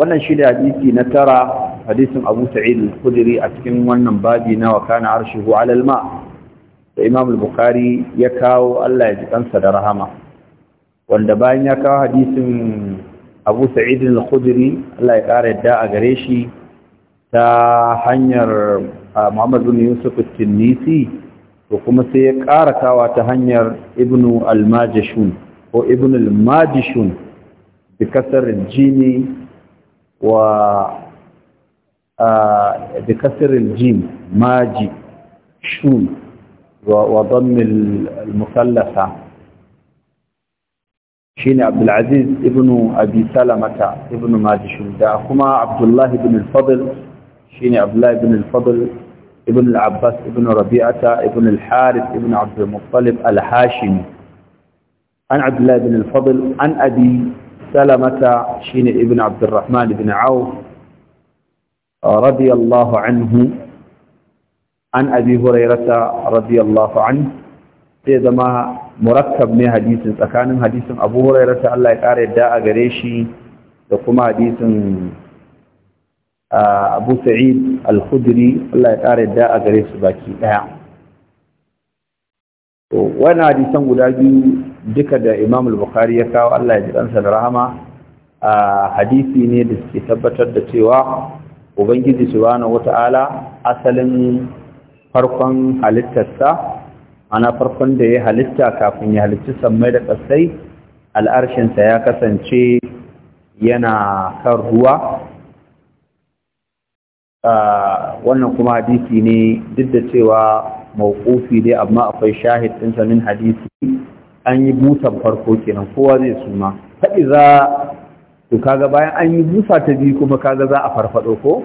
wannan shi hadisi na tara hadisin abu sa'id al-khudri a cikin wannan babi na wa kana arshuhu ala al-ma da imam al-bukhari ya kawo Allah ya ji kansa da rahama wanda bayan ya kawo hadisin abu sa'id al-khudri Allah ya kara yadda a gare shi ta hanyar Muhammad bin Yusuf al-Tinnisi to kuma sai ya kara kawa ta hanyar Ibn al-Majishun ko Ibn al-Majishun bi kasar jini و بكسر الجيم ماجي شون وضم المثلثة شين عبد العزيز ابن أبي سلمة ابن ماجي شون داخما عبد الله بن الفضل شين عبد الله بن الفضل ابن العباس ابن ربيعة ابن الحارث ابن عبد المطلب الهاشمي عن عبد الله بن الفضل عن أبي salamata shine ibn abdurrahman ibn auf radiyallahu anhu an abi hurairata radiyallahu anhu sai zama murakkab ne hadisin tsakanin hadisin abu hurairata Allah ya kare yadda a gare shi da kuma hadisin abu sa'id al-khudri Allah ya kare yadda a gare su baki ɗaya wannan hadisan guda biyu duka da imam bukhari ya kawo Allah ya ji ɗansa da rahama a hadisi ne da suke tabbatar da cewa ubangiji subhanahu Ta'ala asalin farkon halittarsa ana farkon da ya halitta kafin ya halitta sammai da ƙasai al'arshinsa ya kasance yana kan ruwa wannan kuma hadisi ne duk da cewa mawqufi dai amma akwai shahid ɗinsa min hadisi an yi busan farko kenan kowa zai suma ta iza to kaga bayan an yi busa ta biyu kuma kaga za a farfado ko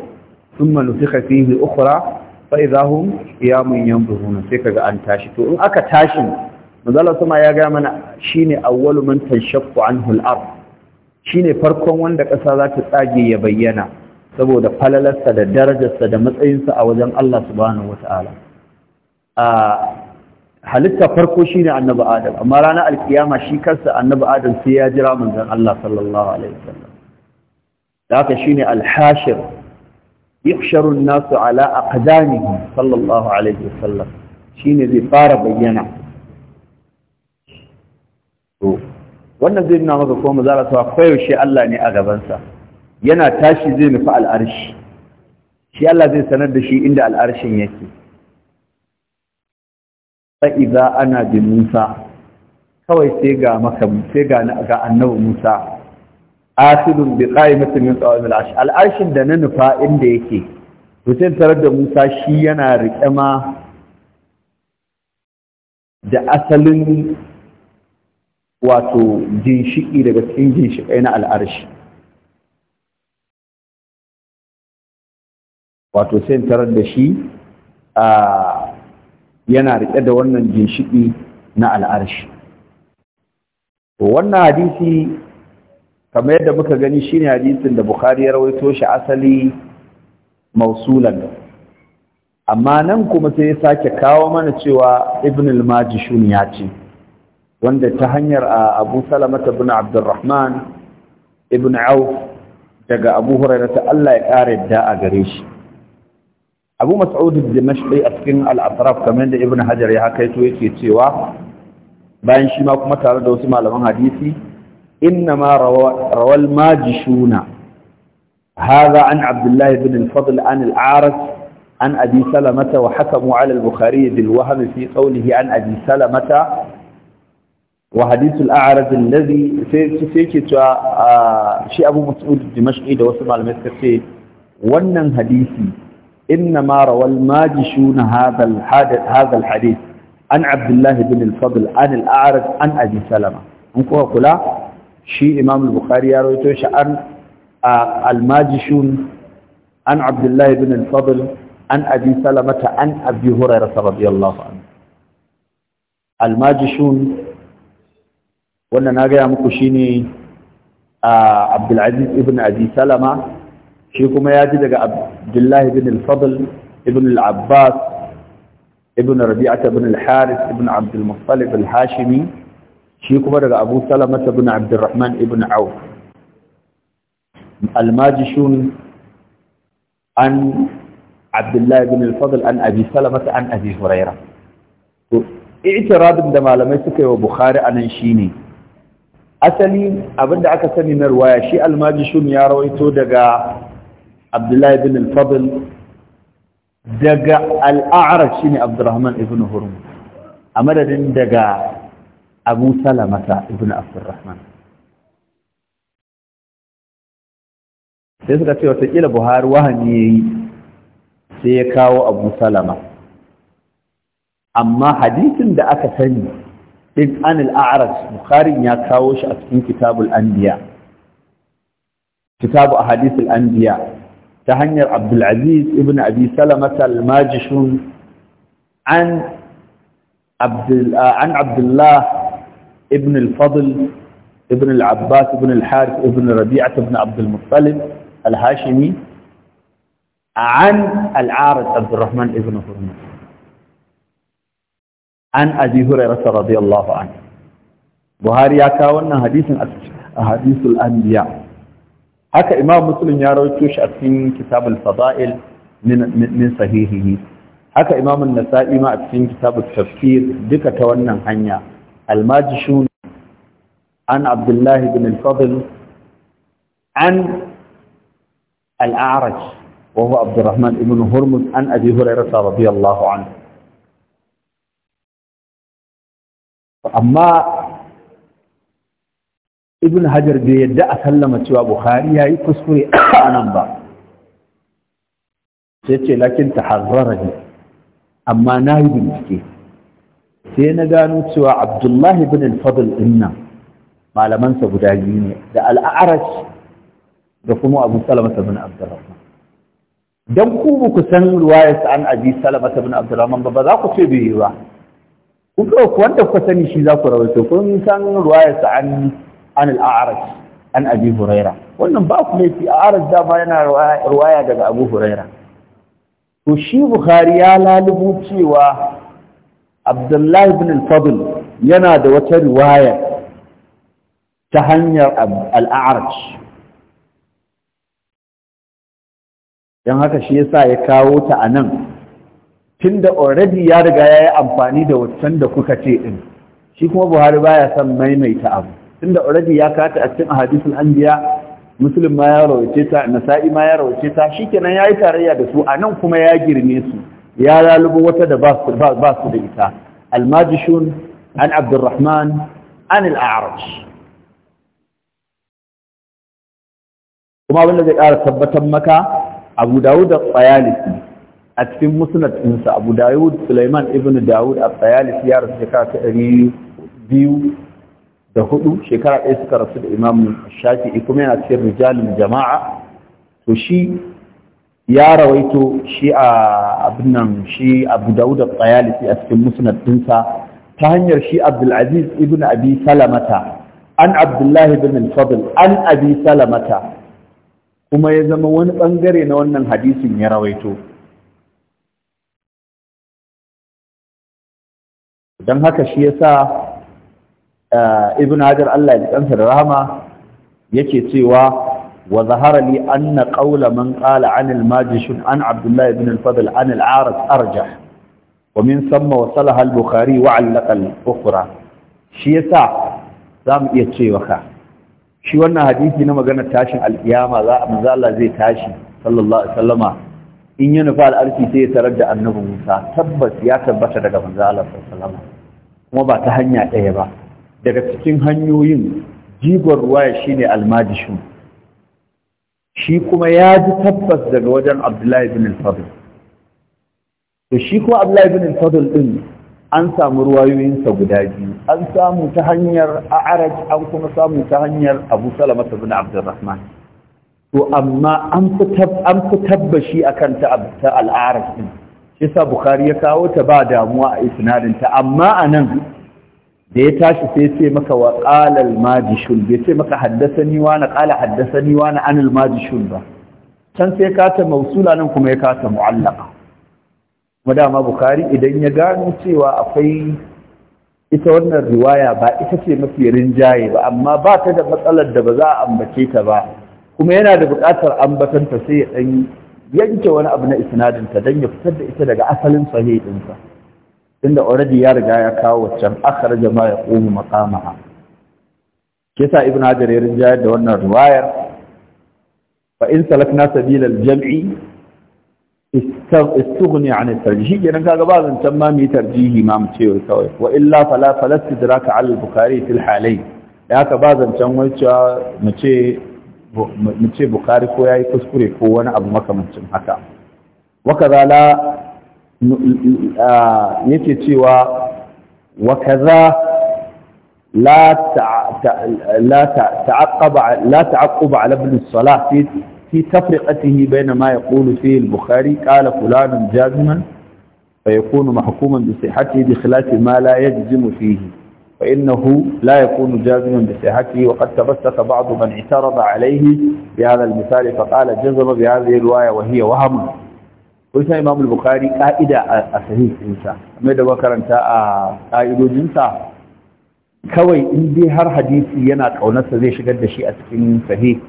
thumma nufikha fihi ukhra fa idahum qiyamun yanzuruna sai kaga an tashi to in aka tashi manzala sama ya ga mana shine awwalu man tashaqqu anhu al-ard shine farkon wanda ƙasa za ta tsage ya bayyana saboda falalarsa da darajarsa da matsayinsa a wajen Allah subhanahu wata'ala a ah, halitta farko shine annabi adam amma ranar alkiyama shi kansa annabi adam sai ya jira manzon Allah sallallahu alaihi wasallam da haka shi ne hashir yuhsharu nasu ala aqdamihi sallallahu alaihi wasallam zai fara bayyana to wannan zai nuna maka ko mazara ta shi Allah ne a gabansa yana tashi zai nufi al'arshi shi Allah zai sanar da shi inda al'arshin yake fa'iza ana bi Musa kawai sai ga maka sai ga ga annabi Musa asidun bi qaimatin min qawamil arsh al'ashin da na nufa inda yake to tarar da Musa shi yana riƙe ma da asalin wato ginshiki daga cikin ginshikai na al'arshi wato sai tarar da shi a yana riƙe da wannan ginshiƙi na al'arshi wannan hadisi kamar yadda muka gani shine hadisin da bukhari ya rawaito shi asali mausulan amma nan kuma sai ya sake kawo mana cewa ibn al-majishun ya ce wanda ta hanyar abu salamata ibn abdurrahman ibn auf daga abu hurairah Allah ya ƙara yadda a gare shi abu mas'ud al-dimashqi a cikin al-atraf kamar da ibnu hajar ya hakaito yake cewa bayan shi ma kuma tare da wasu malaman hadisi inna ma rawal majishuna هذا عن عبد الله بن الفضل عن العارف عن أبي سلمة وحكموا على البخاري بالوهم في قوله عن أبي سلمة وحديث الأعرج الذي سيكي شيء أبو مسعود الدمشقي ده وسمع المسكسي ونن حديثي إنما روى الماجشون هذا الحادث هذا الحديث عن عبد الله بن الفضل عن الأعرج عن أبي سلمة أنكوا قلا شي إمام البخاري يرويته عن الماجشون عن عبد الله بن الفضل عن أبي سلمة عن أبي هريرة رضي الله عنه الماجشون wannan na gaya muku shine Abdulaziz ibn Abi Salama shi kuma ya ji daga abdullahi bin al-fadl ibn al-abbas ibn rabi'ata ibn al-harith ibn abd al-muttalib al-hashimi shi kuma daga abu salama ibn abd al-rahman ibn auf al-majishun an abdullahi bin al-fadl an abi salama an abi huraira to i'tiradin da malamai suka yi wa bukhari anan shine asali abinda aka sani na ruwaya shi al-majishun ya rawaito daga abdullahi bin al-fadl daga al'a'ara shi ne abdurrahman ibn hurmuz a madadin daga abu salamata ibn abdurrahman sai suka ce watakila buhari wahani ya yi sai ya kawo abu salama amma hadisin da aka sani ɗin an al'a'aras bukharin ya kawo shi a cikin kitabul anbiya kitabu a hadisul anbiya تهني عبد العزيز ابن أبي سلمة الماجشون عن عبد آه، عن عبد الله ابن الفضل ابن العباس ابن الحارث ابن ربيعة ابن عبد المطلب الهاشمي عن العارض عبد الرحمن ابن هرمز عن أبي هريرة رضي الله عنه بخاري يا كاونا حديث حديث الأنبياء haka imam muslim ya rawaito shi a cikin kitabul fada'il min sahihihi haka imam an-nasa'i ma a cikin kitabul tafsir duka ta wannan hanya al-majshun an abdullah ibn al-fadl an al-a'raj وهو عبد الرحمن بن هرمز عن أبي هريرة رضي الله amma ibn hajar bai yadda a sallama cewa bukhari ya yi kuskure a nan ba sai ce lakin ta harrara ne amma na yi bincike sai na gano cewa abdullahi ibn al-fadl din malamansa guda biyu ne da al'arash da kuma abu salamata bin abdurrahman dan ku ba ku san ruwayar an abi salamata bin abdurrahman ba ba za ku ce bai yi ba ku wanda ku sani shi za ku rawaito kun san ruwayar an an al an abi huraira wannan ba ku laifi a'raj da ba yana ruwaya daga abu huraira to shi buhari ya lalubu cewa abdullahi bin al-fadl yana da wata riwaya ta hanyar al-a'raj don haka shi yasa ya kawo ta a nan tun da already ya riga ya yi amfani da waccan da kuka ce ɗin shi kuma buhari baya son maimaita abu tunda already ya kata a cikin ahadisul anbiya muslim ma ya rawace ta nasa'i ma ya rawace ta shikenan yayi tarayya da su anan kuma ya girme su ya lalubo wata da ba su da ita al-majishun an abdurrahman an al-a'raj kuma wanda zai ƙara tabbatar maka abu dawud da tsayalisi a cikin musnad ɗinsa abu dawud sulaiman ibn dawud a tsayalisi ya rasu shekara ta ɗari biyu da hudu shekara ɗaya suka rasu da imam shafi'i kuma yana cikin rijalin jama'a to shi ya rawaito shi a abin nan shi abu dawud da tsayalisi a cikin musnad dinsa ta hanyar shi abdulaziz ibn abi salamata an abdullah ibn al-fadl an abi salamata kuma ya zama wani bangare na wannan hadisin ya rawaito don haka shi yasa ibn hajar Allah ya kansa da rahama yake cewa wa zahara li anna qawla man qala an al-majishun an abdullah ibn al-fadl an al-aras arjah wa min thumma wasalaha al-bukhari wa 'allaqa al-ukhra shi yasa zamu iya cewa ka shi wannan hadisi na magana tashin al-qiyama za manzo Allah zai tashi sallallahu alaihi wasallama in ya nufa al'arki sai ya tarar da annabi Musa tabbas ya tabbata daga manzo Allah sallallahu alaihi wasallama kuma ba ta hanya ɗaya ba daga cikin hanyoyin jigon ruwaya shine almajishun shi kuma ya ji tabbas daga wajen abdullahi bin al-fadl to shi kuma abdullahi bin al-fadl din an samu ruwayoyinsa guda biyu an samu ta hanyar a'araj an kuma samu ta hanyar abu salama bin abdurrahman to amma an fi tabbashi kan ta al'araj din shi sa bukhari ya kawo ta ba damuwa a isnadin ta amma anan da ya tashi sai ce maka wa ƙalal majishul bai ce maka haddathani wa na qala haddathani wa na anil majishul ba can sai ka mausula nan kuma ya kata mu'allaqa madama bukari idan ya gano cewa akwai ita wannan riwaya ba ita ce mafi rinjaye ba amma ba ta da matsalar da ba za a ambace ta ba kuma yana da buƙatar ambatanta sai ya ɗan yanke wani abu na isnadinta don ya fitar da ita daga asalin sahihinsa. tunda already ya riga ya kawo waccan akhraja ma yaqumu maqamaha kisa ibn hajar ya rinja da wannan riwayar fa in salakna sabila al-jam'i istughni an tarjihi kenan kaga ba zancan ma mi tarjih ma mu cewa kawai wa illa fala falastidraka ala al-bukhari fil halay da haka ba zancan wacce mu ce mu ce bukhari ko yayi kuskure ko wani abu makamancin haka wa kadala yake آه، cewa لا تعقب لا تعقب على ابن الصلاح في في تفرقته بين ما يقول فيه البخاري قال al جازما فيكون محكوما بصحته بخلاف ما لا يجزم فيه فإنه لا يكون جازما بصحته وقد تبسك بعض من اعترض عليه بهذا المثال فقال جزم بهذه الرواية وهي وهم kusan imam al-bukhari ka'ida a sahih ɗinsa kuma da makaranta a ka'idojinsa kawai in dai har hadisi yana kaunarsa zai shigar da shi a cikin sahih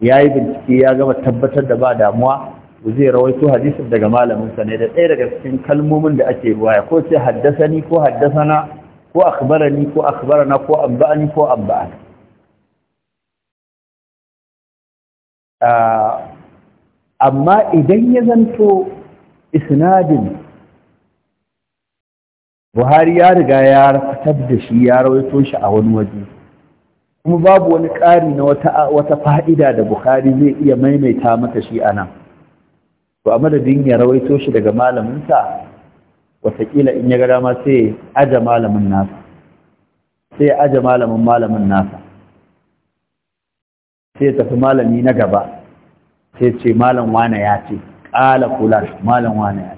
ya yi bincike ya gama tabbatar da ba damuwa zai rawaito hadisin daga malamin sa ne da ɗaya daga cikin kalmomin da ake ruwaya ko ce haddasani ko haddasana ko akhbarani ko akhbarana ko amba'ani ko amba'an ah, amma idan ya zanto isnadin buhari ya riga ya fitar da shi ya rawaito shi a wani waje kuma babu wani ƙari na wata fa'ida da buhari zai iya maimaita mata shi a nan to a madadin ya rawaito shi daga malaminsa watakila in ya ga dama sai aja malamin nasa sai aja malamin malamin nasa sai tafi malami na gaba sai ce malam wane ya ce Ala fulan malam wane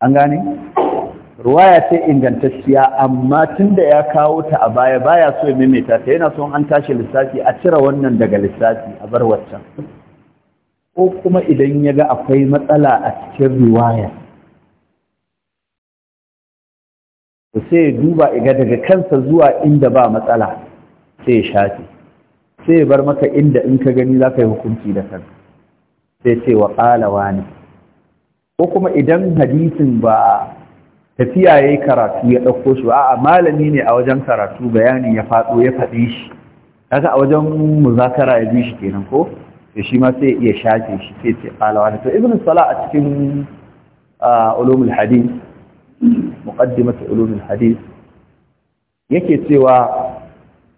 an gane ruwaya ce ingantacciya amma tunda ya kawo ta a baya baya so ya maimaita ta yana son an tashi lissafi a cire wannan daga lissafi a bar waccan ko kuma idan ya ga akwai matsala a cikin riwaya sai ya duba iga daga kansa zuwa inda ba matsala sai ya shafe sai ya bar maka inda in ka gani za ka yi hukunci da kanka sai ce wa ƙalawa ne ko kuma idan hadisin ba tafiya ya yi karatu ya ɗauko shi a'a malami ne a wajen karatu bayani ya faɗo ya faɗi shi haka a wajen muzakara ya bi shi kenan ko da shi ma sai iya shafe shi sai ce ƙalawa ne to ibn sala a cikin ulumul hadith muqaddimatu ulumul hadith yake cewa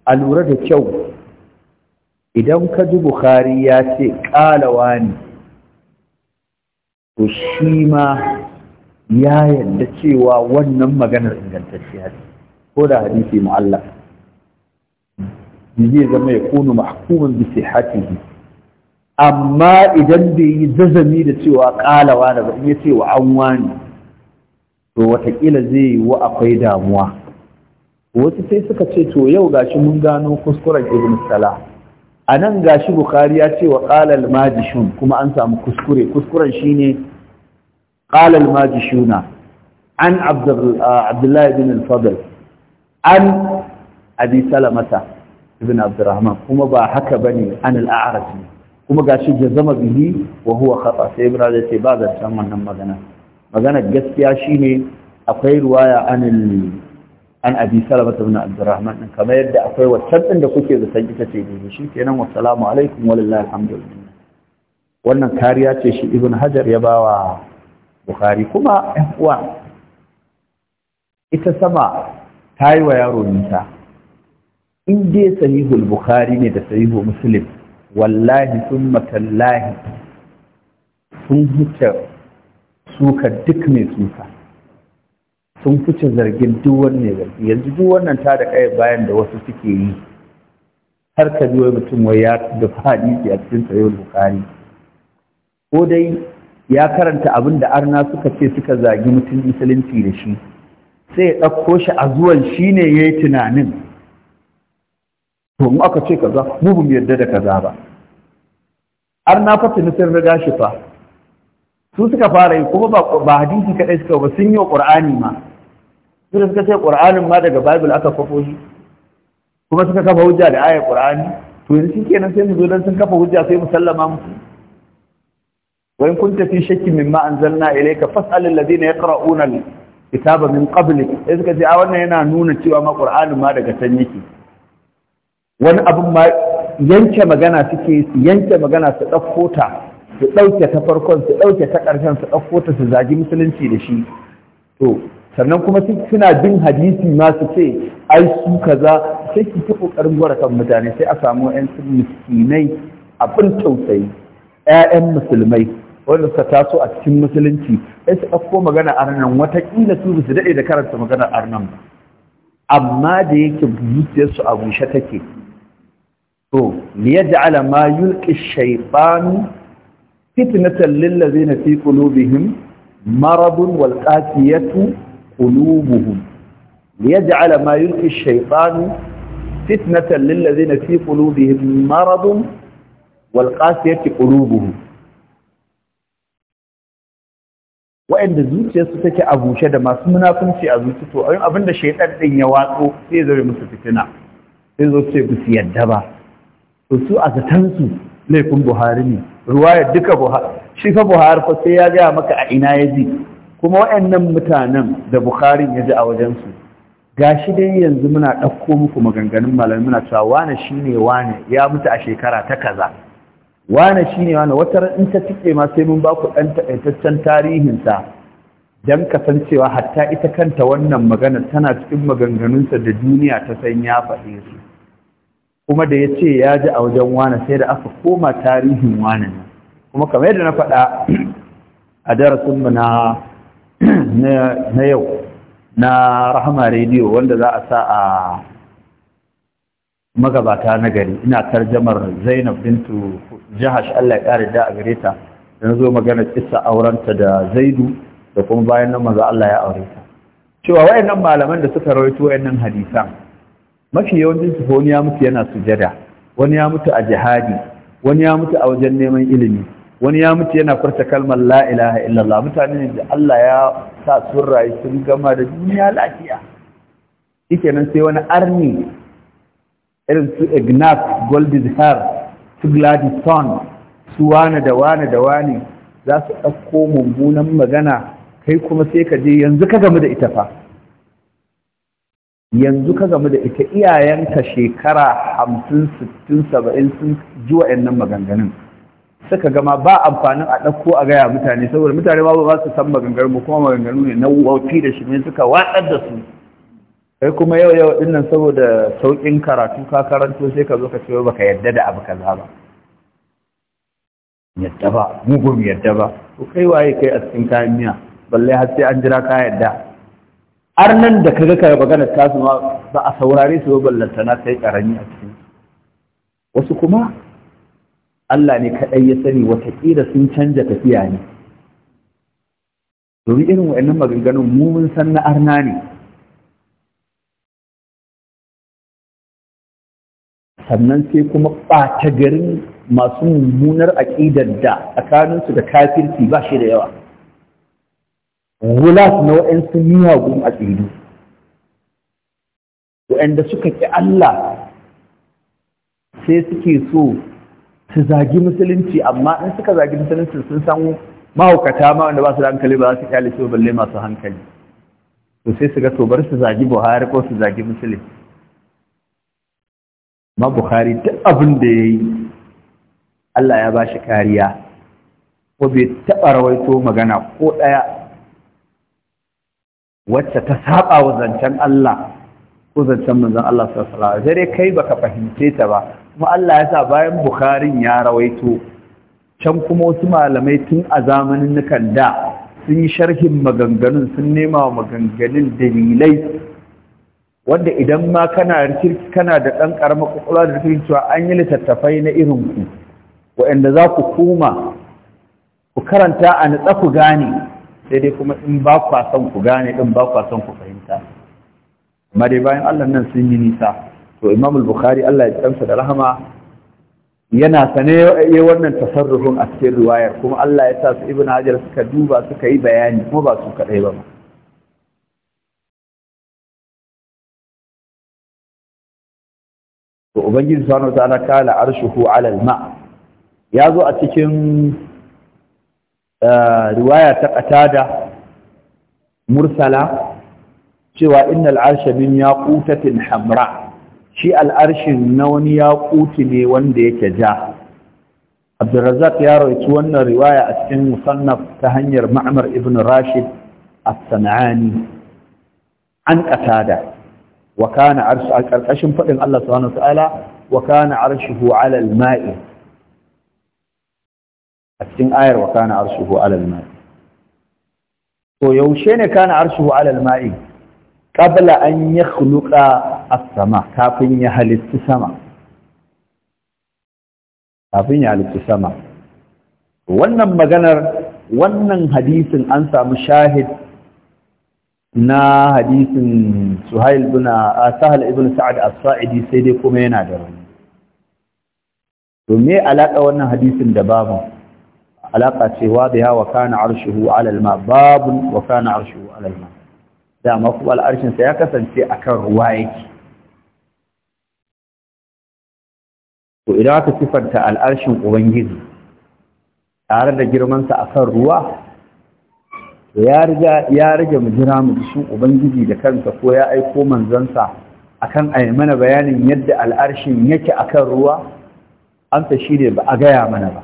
a lura da kyau idan ka ji Bukhari ya ce ƙalawa ne to shi ma ya yadda cewa wannan maganar ingantacciya ce ko da hadisi mu'allaf zai zama ya kunu mahkuman bi sihhatihi amma idan bai yi zazami da cewa kalawa da ba ya ce wa an wani to watakila zai yi wa akwai damuwa wasu sai suka ce to yau gashi mun gano kuskuren ibn salah a nan ga shi bukari ya ce wa ƙalal majishun kuma an samu kuskure kuskuren shi ne ƙalal majishuna an abdullahi bin al-fadl an abi salamata ibn abdurrahman kuma ba haka ba ne an al'arasi kuma ga shi zama bihi wa huwa khata sai ibn ya ce ba zancen wannan magana magana gaskiya shine akwai ruwaya an an abi salama ta abdurrahman din kamar yadda akwai wancan ɗin da kuke da san ita ce dai shi kenan salamu alaikum walillahi alhamdulillah wannan kariya ce shi ibn hajar ya bawa bukhari kuma ɗan uwa ita sama ta yi wa yaro nisa in dai sahihul bukhari ne da sahihu muslim wallahi sun matallahi sun huce suka duk mai suka sun fice zargin duk wanne zargi yanzu duk wannan ta da kai bayan da wasu suke yi har ka ji mutum wai ya da hadisi a cikin sahih bukhari ko dai ya karanta abin da arna suka ce suka zagi mutum musulunci da shi sai ya ɗauko shi a zuwan shi ne ya yi tunanin to mu aka ce kaza mu bu yarda da kaza ba arna fa tuni sun riga shi fa su suka fara yi kuma ba hadisi kaɗai suka ba sun yi wa ƙur'ani ma suka suka sai ƙur'anin ma daga bible aka kwafo shi kuma suka kafa hujja da ayar Qur'ani, to yanzu kenan sai mu zo dan sun kafa hujja sai mu sallama musu wa in kunta fi shakki mimma anzalna ilayka fas'al alladhina yaqra'una kitaba min qablik sai suka ce a wannan yana nuna cewa ma ƙur'anin ma daga can yake wani abin ma yanke magana suke su yanke magana su ɗauko ta su ɗauke ta farkon su ɗauke ta ƙarshen su ɗauko ta su zagi musulunci da shi to sannan kuma suna bin hadisi masu ce ai su kaza sai ki ta kokarin gwara kan mutane sai a samu ƴan miskinai abin tausayi ƴaƴan musulmai wanda suka taso a cikin musulunci sai su ɗauko magana arnan watakila su su daɗe da karanta magana arnan amma da yake zuciyarsu a bushe take to liyaj'ala ma yulqi ash-shaytanu fitnatan lil ladzina fi qulubihim maradun wal qasiyatu قلوبهم ليجعل ما يلقي الشيطان فتنة للذين في قلوبهم مرض والقاسية قلوبهم wa'anda zuciyarsu take a bushe da masu munafunci a zuci to ayin abin da ya watso sai zai musu fitina sai zo ce ba su yadda a zatan laifin Buhari ne ruwayar duka Buhari shi fa Buhari fa sai ya gaya maka a ina ya ji kuma waɗannan mutanen da bukharin ya ji a wajensu gashi dai yanzu muna ɗauko muku maganganun malamai muna cewa wane shine wane ya mutu a shekara ta kaza wane shine wane wata in ta tike ma sai mun ba ku ɗan taƙaitaccen tarihinsa don kasancewa hatta ita kanta wannan magana tana cikin maganganunsa da duniya ta san ya faɗe su kuma da ya ce ya ji a wajen wane sai da aka koma tarihin wane kuma kamar yadda na faɗa a darasinmu na na yau na rahama rediyo wanda za a sa a magabata na gari ina tarjamar zainab bintu jahash allah ya ƙari da a gare ta da na zo magana kissa aurenta da zaidu da kuma bayan nan maza allah ya aure ta cewa wayannan malaman da suka rawaito wayannan hadisan mafi yawancin su wani ya mutu yana sujada wani ya mutu a jihadi wani ya mutu a wajen neman ilimi wani ya mutu yana furta kalmar la ilaha illallah mutane ne da Allah ya sa sun rayu sun gama da duniya lafiya nan sai wani arni irin su Ignaz Goldizhar su Gladstone su wane da wane da wane za su ɗauko mummunan magana kai kuma sai ka je yanzu ka gamu da ita fa yanzu ka gamu da ita iyayenka shekara hamsin sittin saba'in sun ji nan maganganun suka gama ba amfanin a ɗauko a gaya mutane saboda mutane ba ba su san maganganu kuma maganganu ne na wauti da shi ne suka watsar da su kai kuma yau yau din nan saboda saukin karatu ka karanto sai ka zo ka ce baka yadda da abu kaza ba yadda ba mugun yadda ba ko kai waye kai a cikin kayan miya balle har sai an jira ka yadda har nan da kaga ka magana ta su ba a saurare su ba ballantana kai karami a cikin wasu kuma Allah ne kaɗai ya sani wataƙila sun canja tafiya ne domin irin wa'annan maganganun mu mun san na arna ne sannan sai kuma ɓata garin masu mummunar aƙidar da tsakaninsu da kafirci ba shi da yawa wulat na waɗansu miyagun aƙidu waɗanda suka ƙi Allah sai suke so su zagi musulunci amma in suka zagi musulunci sun san mahaukata ma wanda ba su da hankali ba za su kyale su balle masu hankali to sai su ga to bar su zagi buhari ko su zagi musulun ma buhari duk abin da ya yi allah ya ba shi kariya ko bai taɓa rawaito magana ko ɗaya wacce ta saba wa zancen allah ko zancen manzon allah sallallahu alaihi wasallam sai dai kai baka fahimce ta ba kuma Allah ya sa bayan Bukharin ya rawaito can kuma wasu malamai tun a zamanin nukan da sun yi sharhin maganganun sun nema wa maganganun dalilai wanda idan ma kana kana da ɗan ƙaramar ƙwaƙwalwa da rikirin cewa an yi littattafai na irinku waɗanda za ku kuma ku karanta a natsa ku gane sai dai kuma in ba kwa son ku gane in ba kwa son ku fahimta amma dai bayan Allah nan sun yi nisa to imam al-bukhari Allah ya tsamsa da rahama yana sane ya wannan tasarrufin a cikin riwayar kuma Allah ya sa su ibn hajar suka duba suka yi bayani kuma ba su kadai ba to ubangiji subhanahu wataala kala arshuhu ala al-ma ya zo a cikin eh, riwaya ta qatada mursala cewa innal arsha min yaqutatin hamra shi al'arshin na wani ya kuti ne wanda yake ja abdulrazak ya rauci wannan riwaya a cikin musannaf ta hanyar ma'amar ibn rashid as-sana'ani an qatada wa kana arshu a karkashin fadin Allah subhanahu wa ta'ala wa kana arshuhu 'ala al-ma'i a cikin ayar wa kana arshuhu 'ala al-ma'i to yaushe ne kana arshuhu 'ala al-ma'i qabla an yakhluqa as-sama kafin ya halitta sama kafin ya halitta sama wannan maganar wannan hadisin an samu shahid na hadisin suhail bin sahal ibn sa'ad as-sa'idi sai dai kuma yana da rauni to me alaka wannan hadisin da babu alaka cewa biha wa kana arshuhu ala al-ma babun wa kana arshuhu ala al-ma dama kuma al'arshin sa ya kasance akan ruwa yake to idan aka sifanta al'arshin ubangiji tare da girmansa a kan ruwa ya rage mu jira mu shi ubangiji da kansa ko ya aiko manzansa akan mana bayanin yadda al'arshin yake akan ruwa amsa shi ne ba a gaya mana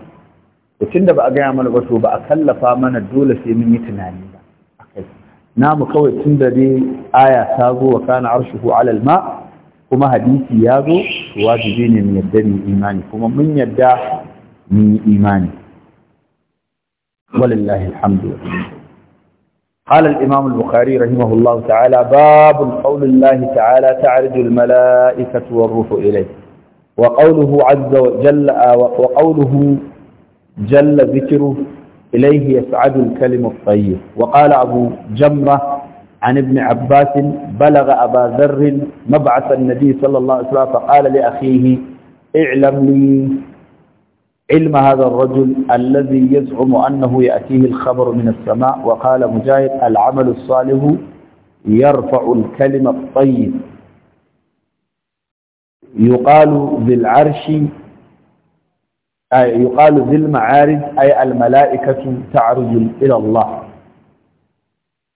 ba tun da ba a gaya mana ba to ba a kallafa mana dole sai mun yi tunani ba mu kawai tun da dai aya ta zo wa kana arshuhu alal ma kuma hadisi ya zo wajibi ne mu yadda mu imani kuma mun yadda mu imani walillahi alhamdu قال الإمام البخاري رحمه الله تعالى باب قول الله تعالى تعرج الملائكة والروح إليه وقوله عز وجل وقوله جل ذكره إليه يسعد الكلم الطيب وقال أبو جمرة عن ابن عباس بلغ أبا ذر مبعث النبي صلى الله عليه وسلم فقال لأخيه اعلم لي علم هذا الرجل الذي يزعم أنه يأتيه الخبر من السماء وقال مجاهد العمل الصالح يرفع الكلمة الطيب يقال ذي العرش أي آه، يقال ذي المعارج أي الملائكة تعرج إلى الله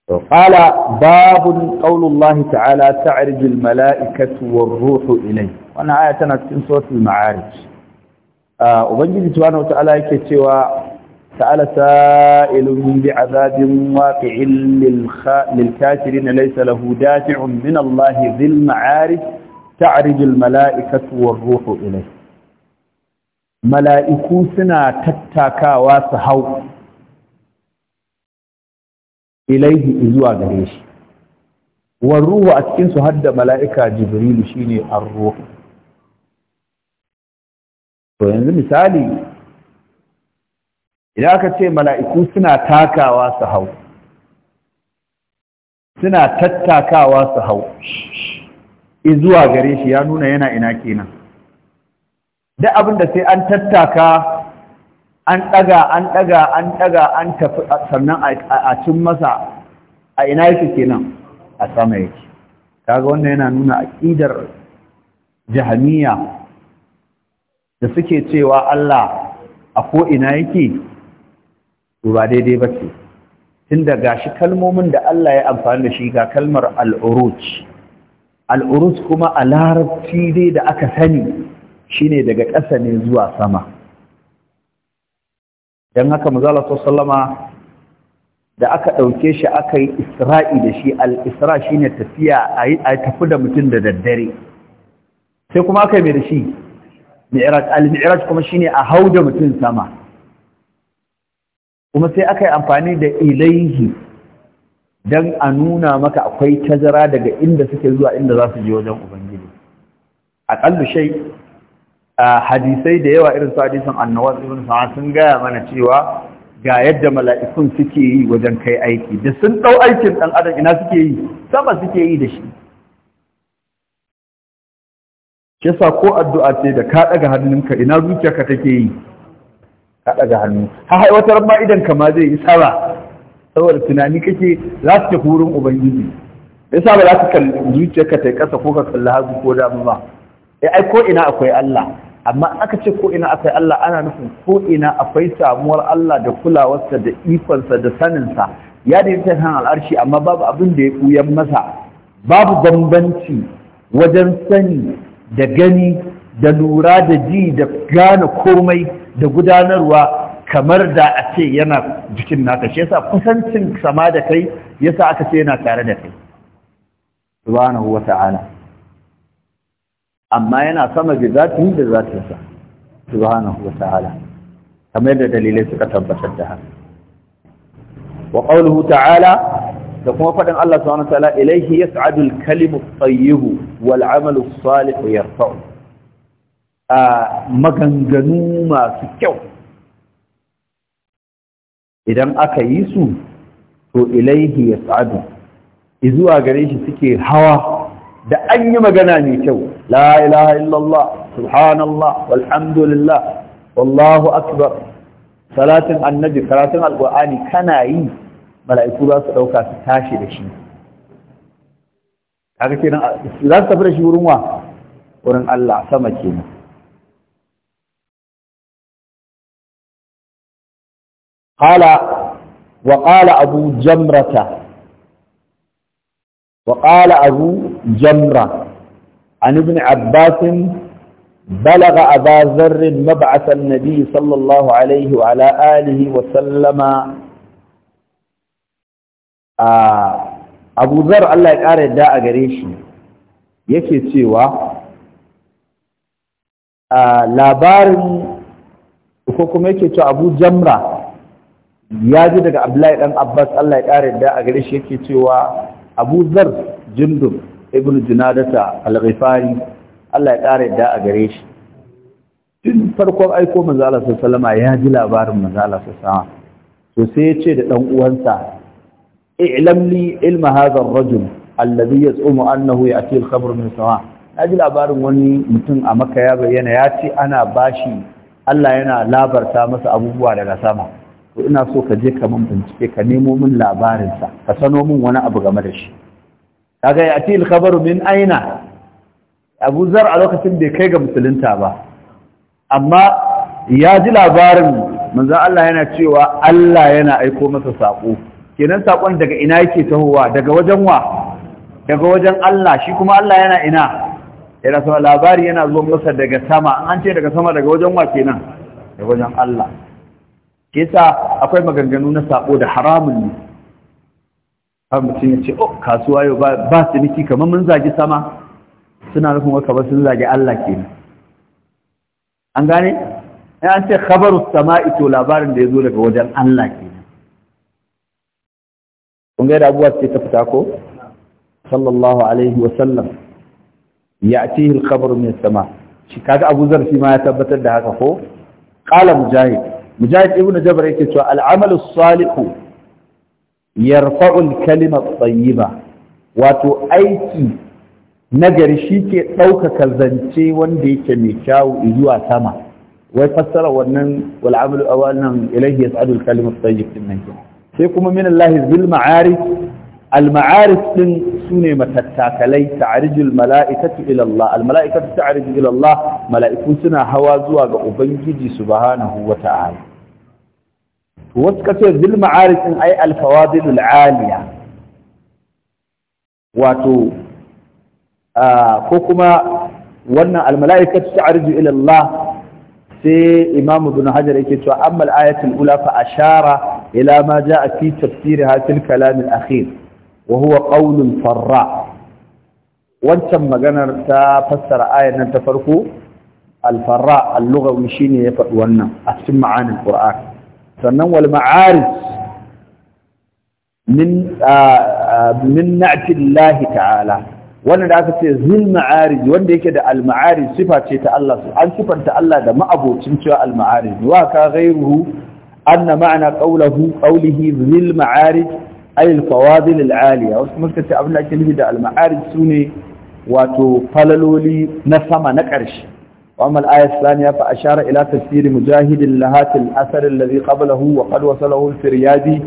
قال باب قول الله تعالى تعرج الملائكة والروح إليه وانا آية تنكتن صوت المعارج آه، وبنجد سبحانه وتعالى كتوى تعالى سائل بعذاب واقع للكافرين ليس له دافع من الله ذي المعارج تعرج الملائكة والروح إليه ملائكو سنا تتاكا واسهو ilaihi zuwa gare shi war ruhu a cikin su hadda mala'ika jibrilu shine ar-ruh to yanzu misali idan aka ce mala'iku suna takawa su hau suna tattakawa su hau zuwa gare shi ya nuna yana ina kenan duk abinda sai an tattaka an ɗaga an ɗaga an ɗaga an tafi sannan a cin masa a ina yake kenan a sama yake kaga wannan yana nuna aƙidar jahamiya da suke cewa Allah a ko ina yake to ba daidai ba ce tunda gashi kalmomin da Allah ya amfani da shi ga kalmar al'uruj al'uruj kuma a dai da aka sani shine daga ƙasa ne zuwa sama don haka mazala sallama da aka ɗauke shi aka yi isra'i da shi al'isra shi ne tafiya a tafi da mutum da daddare sai kuma aka yi mai da shi al'iraj kuma shi ne a hau da mutum sama kuma sai aka yi amfani da ilaihi don a nuna maka akwai tazara daga inda suke zuwa inda za su je wajen ubangiji a ƙallu shai hadisai da yawa irin su hadisin annawas ibn sa'ad sun gaya mana cewa ga yadda mala'ikun suke yi wajen kai aiki da sun ɗau aikin ɗan adam ina suke yi sama suke yi da shi yasa ko addu'a ce da ka ɗaga hannunka ina zuciyarka take yi ka ɗaga hannu ha hai wata ramma idan ka ma zai yi tsara? saboda tunani kake za su tafi wurin ubangiji Ya sa ba za ka kalli zuciyarka ta yi ƙasa ko ka kalli hagu ko dama ba Eh, ai ko ina akwai Allah amma aka ce ko ina akwai Allah ana nufin ko ina akwai samuwar Allah da kulawarsa da ikonsa da saninsa ya da yake kan al'arshi amma babu abin da ya buyan masa babu bambanci wajen sani da gani da lura da ji da gane komai da gudanarwa kamar da a ce yana jikin naka shi yasa kusancin sama da kai yasa aka ce yana tare da kai subhanahu wa amma yana sama bi zati da zatinsa subhanahu wa ta'ala kamar da dalilai suka tabbatar da haka wa qawluhu ta'ala da kuma fadin Allah subhanahu wa ta'ala ilayhi yas'adu al-kalimu at-tayyibu wal 'amalu as yarfa'u a maganganu masu kyau idan aka yi su to ilaihi yas'adu izuwa gare shi suke hawa da an yi magana mai kyau لا إله إلا الله سبحان الله والحمد لله والله أكبر صلاة النبي صلاة القرآن كان أي ملائكة لا سألوك تاشي لشي أكتنا لا تفرش ورموا ورن الله سمكين قال وقال أبو جمرة وقال أبو جمرة an ibn abbas بلغ أبا ذر مبعث النبي صلى الله عليه وعلى آله وسلم Allah ya ƙara yadda a gare shi yake cewa labarin ko kuma yake cewa Abu Jamra ya ji daga Abdullahi dan Abbas Allah ya ƙara yadda a cewa ibn junadata al-ghifari Allah ya ƙara yadda a gare shi tun farkon aiko manzo Allah sallama ya ji labarin manzo Allah sallama to sai ya ce da dan uwansa i'lam li ilma hadha ar-rajul alladhi yaz'umu annahu ya'ti al-khabr min sawa ji labarin wani mutum a maka ya bayyana ya ce ana bashi Allah yana labarta masa abubuwa daga sama to ina so ka je ka mun bincike ka nemo min labarinsa ka sano min wani abu game da shi kaga ya til khabaru min aina abu zar a lokacin bai kai ga musulunta ba amma ya ji labarin manzo Allah yana cewa Allah yana aiko masa saƙo kenan saƙon daga ina yake tahowa daga wajen wa daga wajen Allah shi kuma Allah yana ina yana so labari yana zuwa masa daga sama an ce daga sama daga wajen wa kenan daga wajen Allah kisa akwai maganganu na saƙo da haramun ne har mutum ya ce oh kasuwa yau ba su niki kamar mun zagi sama suna nufin waka ba sun zagi Allah ke an gane ya ce khabaru sama ito labarin da ya zo daga wajen Allah ke kun ga da abuwa suke ta fita ko sallallahu alaihi wa sallam ya al-khabaru min sama shi kaga Abu Zar shi ma ya tabbatar da haka ko qala mujahid mujahid ibnu jabr yake cewa al-amalu salihu yarfa'ul kalima tsayiba wato aiki nagari shi ke ɗaukaka zance wanda yake mai kyawu zuwa sama wai fassara wannan wal'amalu a wannan ilahi ya tsadul kalimar din nan sai kuma min Allah zil ma'arif al ma'arif din sune matattakalai ta'rijul mala'ikatu ila Allah al mala'ikatu ta'riju ila Allah mala'iku suna hawa zuwa ga ubangiji subhanahu wa ta'ala wasu kace bil ma'arif ay al fawadil al aliya wato ko kuma wannan al mala'ikatu ta'ruju ila Allah sai imamu ibn hajar yake cewa amma al ayatul ula fa ashara ila ma jaa fi tafsirha fil kalam al akhir wa huwa qawlun farra wancan maganar ta fassara ayar nan ta farko al farra al lughawi shine ya faɗi wannan a cikin ma'anin qur'ani sannan wal ma'arij min min na'tillahi ta'ala wannan da aka ce zil ma'arij wanda yake da al ma'arij sifa ce ta Allah an sifanta Allah da ma'abocin cewa al ma'arij wa ka ghayruhu anna ma'ana qawluhu qawlihi zil ma'arij ay al fawadil al aliya wasu muka ce abin da ake nufi da al ma'arij sune wato falaloli na sama na ƙarshe وأما الآية الثانية فأشار إلى تفسير مجاهد mujahidin الأثر الذي قبله وقد وصله الفريابي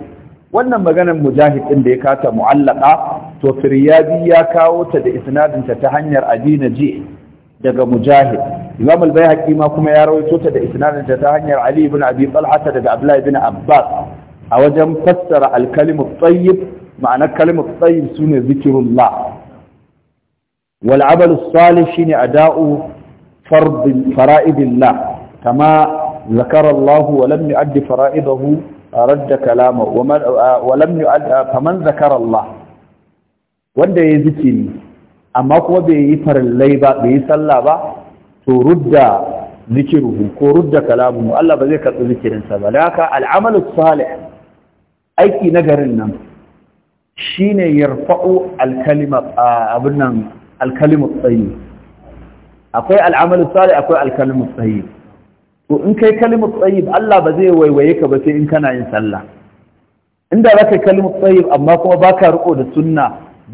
wannan maganar mujahid ɗin da ya kata mu'allaka to firyadi ya kawo ta da isnadinta ta hanyar adina ji daga mujahid imam al-bayhaqi ma kuma ya rawaito ta da isnadinta ta hanyar ali ibn abi talha daga abdullahi ibn abbas a wajen fassara al-kalimu tayyib ma'anar kalimu tayyib sune zikrullah wal amalu salih shine ada'u فرائض الله كما ذكر الله ولم يؤد فرائضه رد كلامه ومن ولم يؤد فمن ذكر الله wanda ya zikiri amma kuma bai yi farallai ba bai yi sallah ba to rudda zikiruhu ko rudda kalamuhu Allah ba zai karɓi zikirinsa ba da haka al'amalu salih aiki na garin nan shine yarfa'u al-kalima abin nan al-kalimu tsayi akwai al'amalin salih akwai alkalmu tsayyib to in kai kalmu tsayyib Allah ba zai waiwaye ka ba sai in kana yin sallah inda za ka kalmu tsayyib amma kuma baka riko da sunna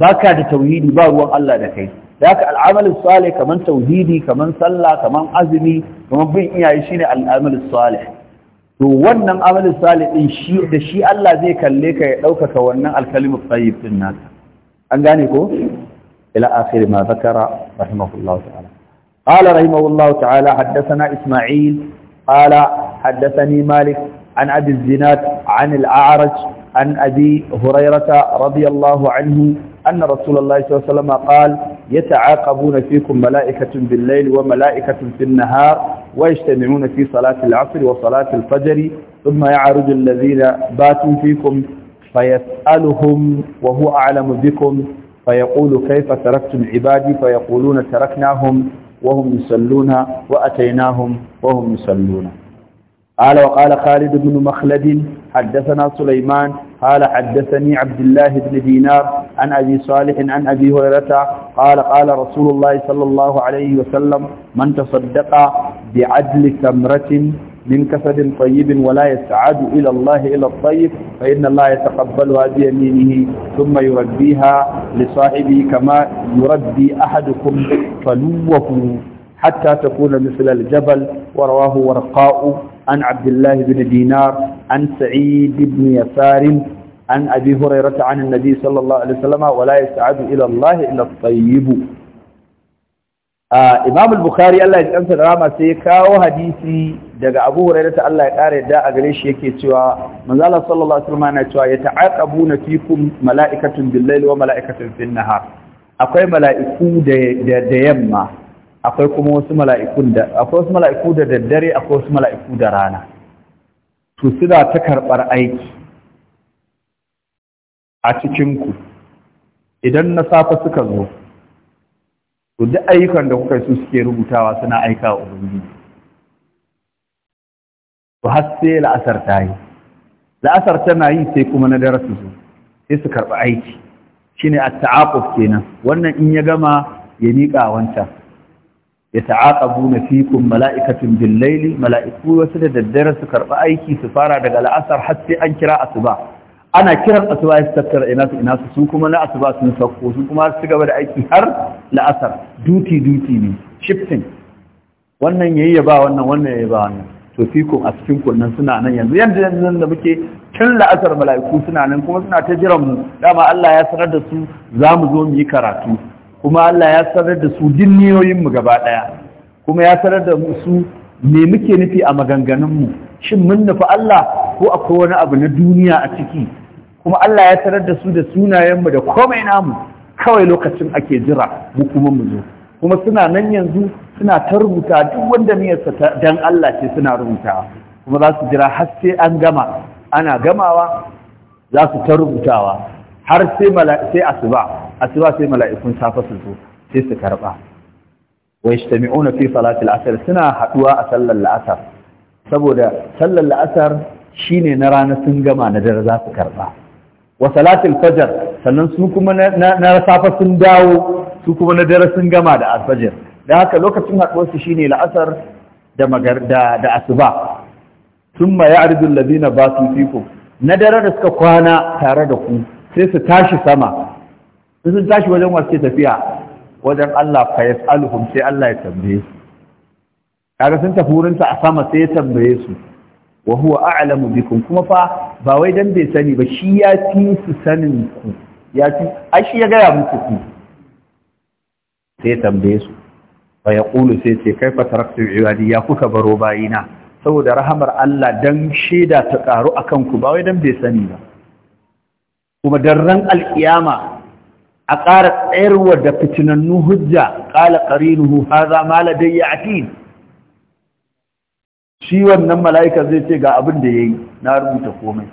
baka da tauhidi ba ruwan Allah da kai da haka al'amalin salih kaman tauhidi kaman sallah kaman azumi kaman bin iyaye shine al'amalin salih to wannan amalin salih shi da shi Allah zai kalle ka ya ɗaukaka wannan alkalimu tsayyib din naka an gane ko ila akhir ma zakara rahimahullahu ta'ala قال رحمه الله تعالى حدثنا إسماعيل قال حدثني مالك عن أبي الزناد عن الأعرج عن أبي هريرة رضي الله عنه أن رسول الله صلى الله عليه وسلم قال يتعاقبون فيكم ملائكة بالليل وملائكة في النهار ويجتمعون في صلاة العصر وصلاة الفجر ثم يعرج الذين باتوا فيكم فيسألهم وهو أعلم بكم فيقول كيف تركتم عبادي فيقولون تركناهم وهم يصلون وأتيناهم وهم يصلون قال وقال خالد بن مخلد حدثنا سليمان قال حدثني عبد الله بن دينار عن أبي صالح عن أبي هريرة قال قال رسول الله صلى الله عليه وسلم من تصدق بعدل تمرة من كسد طيب ولا يسعد إلى الله إلى الطيب فإن الله يتقبلها بيمينه ثم يربيها لصاحبه كما يربي أحدكم فلوه حتى تكون مثل الجبل ورواه ورقاء عن عبد الله بن دينار عن سعيد بن يسار عن أبي هريرة عن النبي صلى الله عليه وسلم ولا يسعد إلى الله إلا الطيب Imam al-Bukhari Allah ya kansa da rama sai ya kawo hadisi daga Abu Hurairah ta Allah ya kare yadda a gare shi yake cewa manzo Allah sallallahu alaihi wasallam yana cewa na fikum mala'ikatun bil-layli wa mala'ikatun bin nahar akwai mala'iku da yamma akwai kuma wasu mala'ikun da akwai wasu mala'iku da daddare akwai wasu mala'iku da rana to suna ta karbar aiki a cikinku idan na safe suka zo to duk ayyukan da kuka su suke rubutawa suna aika wa ubangiji to har sai la'asar ta yi la'asar tana yi sai kuma na darasu su zo sai su karɓi aiki shine at-ta'aqub kenan wannan in ya gama ya miƙa wancan ya ta'aqabu na fikum mala'ikatun bil-laili mala'iku wasu da daddare su karɓi aiki su fara daga la'asar har sai an kira asuba ana kiran asuba ya tattara ina su ina su sun kuma na asuba sun sauko sun kuma su gaba da aiki har la'asar duty duty ne shifting wannan yayi ya ba wannan wannan yayi ba wannan to fikun a cikin kunnan suna nan yanzu yanzu yanzu da muke tun la'asar mala'iku suna nan kuma suna ta jiran mu dama Allah ya sanar da su za mu zo mu yi karatu kuma Allah ya sanar da su dinniyoyin mu gaba daya kuma ya sanar da su me muke nufi a maganganun mu shin mun nufi Allah ko akwai wani abu na duniya a ciki kuma Allah ya tarar da su da sunayenmu da komai namu kawai lokacin ake jira mu kuma mu zo kuma suna nan yanzu suna ta rubuta duk wanda niyyarsa ta dan Allah ce suna rubuta kuma za su jira har sai an gama ana gamawa za su ta rubutawa har sai sai asuba asuba sai mala'ikun safa su zo sai su karba wa yajtami'una fi salati al-asr suna haɗuwa a sallar la'asar saboda sallar la'asar shine na rana sun gama na dare za su karba wa salatul fajr sannan su kuma na safa sun dawo su kuma na dare sun gama da alfajir da haka lokacin haɗuwar su shine la'asar da magar da da asuba thumma ya'ridu alladhina basu fikum na dare da suka kwana tare da ku sai su tashi sama sun tashi wajen wasu tafiya wajen Allah fa yas'aluhum sai Allah ya tambaye su kaga sun tafi wurinsa a sama sai ya tambaye su wa huwa a'lamu bikum kuma fa ba wai dan bai sani ba shi ya fi su sanin ku ya fi a shi ya gaya muku ku sai tambaye su fa kulu sai ce fa taraktu ibadi ya kuka baro bayina saboda rahamar Allah dan shaida ta karu akan ku ba wai dan bai sani ba kuma dan ran alkiyama a ƙara tsayarwa da fitinannu hujja ƙala ƙarinuhu haza ma ladayya atin shi wannan mala'ika zai ce ga abin da ya yi na rubuta komai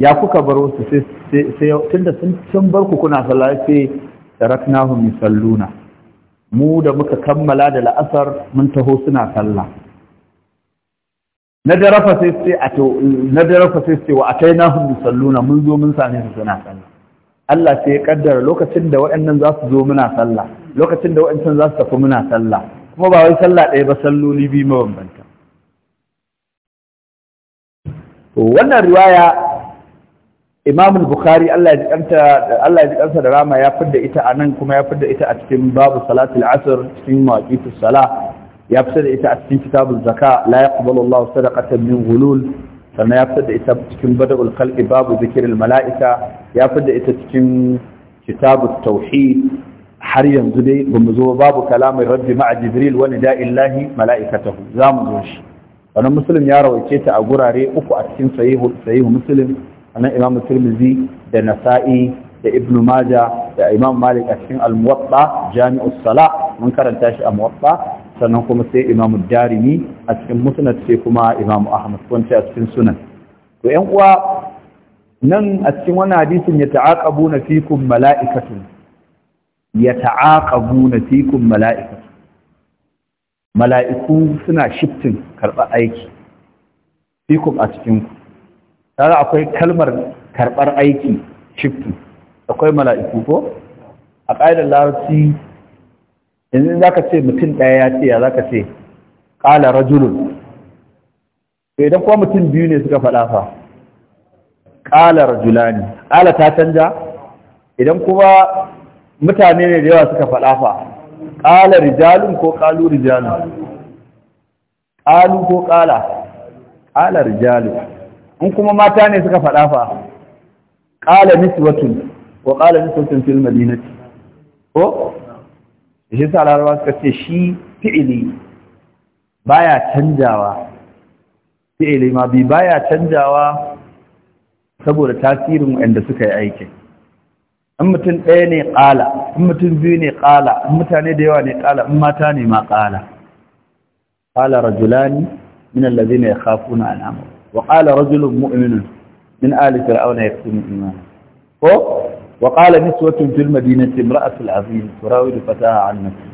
ya kuka baro su sai tunda sun bar ku kuna sallah sai mai salluna. mu da muka kammala da la'asar mun taho suna sallah na darafa sai sai a to na darafa sai wa mun zo mun sami su suna sallah Allah sai ya kaddara lokacin da waɗannan za su zo muna sallah lokacin da waɗancan za su tafi muna sallah kuma ba wai sallah ɗaya ba salloli biyu mabambanta to wannan riwaya Imam Bukhari Allah ya kanta da rama ya da ita a nan kuma ya da ita a cikin babu salatul asr cikin waqitus sala ya fidda da ita a cikin kitabul zaka la yaqbalu Allahu sadaqatan min ghulul sannan ya fidda ita cikin bada'ul khalqi babu zikril malaika ya da ita cikin kitabut tauhid har yanzu dai ba mu zo babu kalamin rabbi ma'a jibril wani da'illahi mala'ikatahu za mu zo shi wannan muslim ya rawaice ta a gurare uku a cikin sahihu muslim anan imam tirmidhi da nasa'i da ibnu maja da imam malik a cikin al-muwatta jami'u sala mun karanta shi a muwatta sannan kuma sai imam darimi a cikin musnad sai kuma imam ahmad wanda a cikin sunan to yan uwa nan a cikin wannan hadisin ya ta'aqabuna fikum mala'ikatun yata'aqabuna fikum mala'ika mala'iku suna shiftin karɓar aiki fikum a cikin ku tare akwai kalmar karɓar aiki shiftin akwai mala'iku ko a ƙa'idar larabci yanzu za ka ce mutum ɗaya ya ce ya za ka ce ƙala rajulun idan kuma mutum biyu ne suka faɗa fa ƙala rajulani ƙala ta canja idan kuma mutane ne da yawa suka faɗa fa ƙala rijalun ko ƙalu rijalun ƙalu ko ƙala ƙala rijalun in kuma mata ne suka faɗa fa ƙala niswatun ko ƙala niswatun fil madinati ko shi sa larawa suka ce shi fi'ili baya canjawa fi'ili ma bi baya canjawa saboda tasirin wanda suka yi aikin in mutum ɗaya ne ƙala in mutum biyu ne ƙala in mutane da yawa ne ƙala in mata ne ma ƙala ƙala rajulani min allazi ne ya kafu na al'amur wa ƙala rajulun mu'minun min ali fir'auna ya fi imana ko wa ƙala niswatun fil madinati imra'atul aziz turawidu fataha an nafsi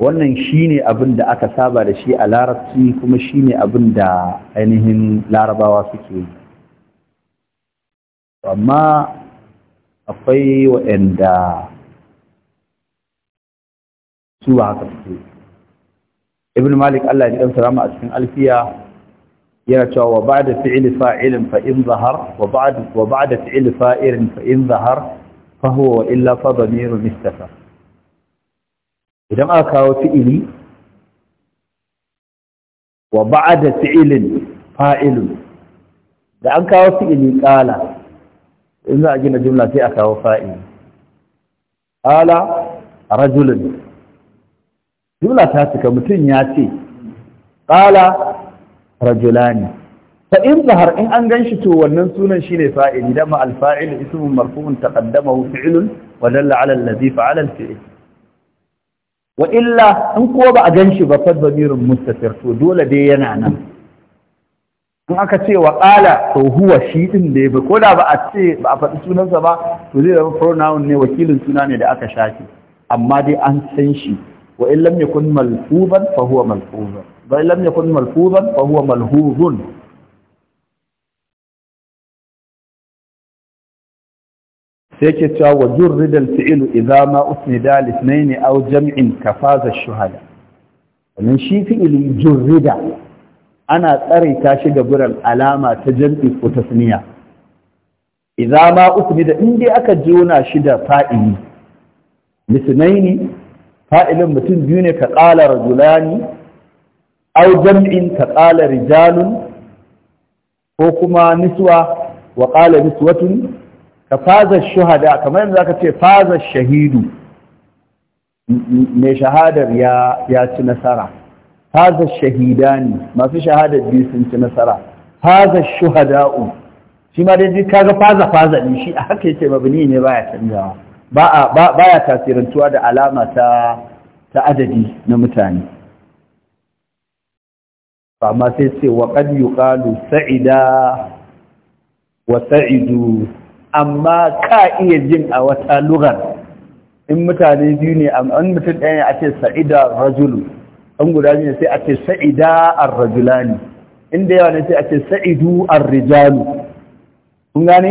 wannan shine abin da aka saba da shi a larabci kuma shine abin da ainihin larabawa suke yi amma akwai waɗanda su ba haka suke ibn malik Allah ya ɗansa rama a cikin alfiya yana cewa wa ba'da fi'li fa'ilin fa in zahar wa ba'da wa ba'da fi'li fa'irin fa in zahar fa huwa illa fa dhamirun istafa idan aka kawo fi'ili wa ba'da fi'lin fa'ilun da an kawo fi'ili qala in za a gina jumla sai a kawo fa'ili ala rajulun jumla ta cika mutum ya ce ƙala rajulani fa in zahar in an ganshi to wannan sunan shine fa'ili dan ma al-fa'il ismun marfu'un taqaddamahu fi'lun wa dalla 'ala alladhi fa'ala al-fi'l wa illa in kuwa ba a ganshi ba fa dhamirun to dole dai yana nan in aka ce wa ƙala to huwa shi ɗin da ya ko da ba a ce ba a faɗi sunansa ba to zai zama pronoun ne wakilin suna ne da aka shafe amma dai an san shi wa in lam yakun malhuban fa huwa malhuzun wa in lam yakun malhuban fa huwa malhuzun sai ke cewa wa jurrida al-fi'lu idza ma usnida li ithnayn aw jam'in kafaza ash-shuhada wannan shi fi'ili jurrida ana tsare ta shi da buran alama ta jam'i ko tasniya idza ma usnida in dai aka jona shi da fa'ili misnaini fa'ilin mutum biyu ne ka qala rajulani aw jam'in ka qala rijalun ko kuma niswa wa qala niswatun ka faza shuhada kamar yanzu aka ce faza shahidu mai shahadar ya ya ci nasara haza shahidani masu shahadar biyu sun ci nasara haza shuhada'u shi ma dai kaga faza faza ne shi a haka yake mabni ne baya canjawa ba a tasirantuwa da alama ta ta adadi na mutane amma sai ce wa qad yuqalu sa'ida wa sa'idu amma ka iya jin a wata lugar in mutane biyu ne amma in mutum ɗaya a ce sa'ida rajulu an guda ne sai a ce sa'ida ar-rajulani inda yawa ne sai a ce sa'idu ar-rijalu kun gane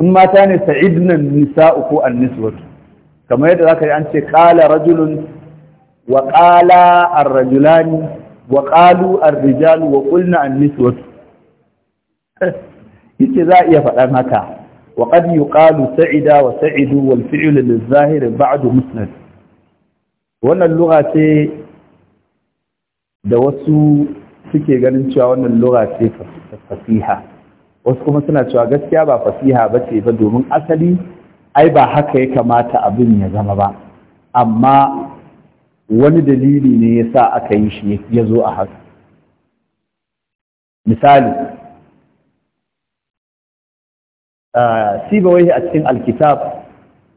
in mata ne sa'idna nisa'u ko an-niswatu kamar yadda zaka yi an ce qala rajulun wa qala ar-rajulani wa qalu ar-rijalu wa qulna an-niswatu yace za iya faɗan haka wa qad yuqalu sa'ida wa sa'idu wal fi'lu liz-zahir ba'du musnad wannan lugha ce da wasu suke ganin cewa wannan lura ce fasiha wasu kuma suna cewa gaskiya ba fasiha ba ce ba domin asali ai ba haka ya kamata abin ya zama ba amma wani dalili ne ya sa aka yi shi ya zo a haka misali wai a cikin alkitab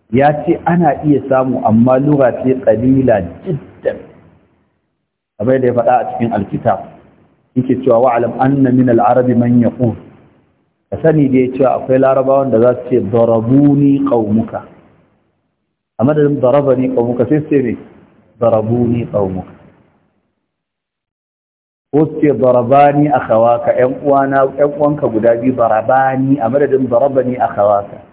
ya ce ana iya samu amma lura ce kalila jidda abai da ya faɗa a cikin alkitab yake cewa wa'alam anna min al-arabi man yaqul ka da yake cewa akwai larabawan da za su ce darabuni qaumuka amma da darabani qaumuka sai sai ne darabuni qaumuka ko ce darabani akhawaka yan uwana yan uwanka guda biyu darabani amma da darabani akhawaka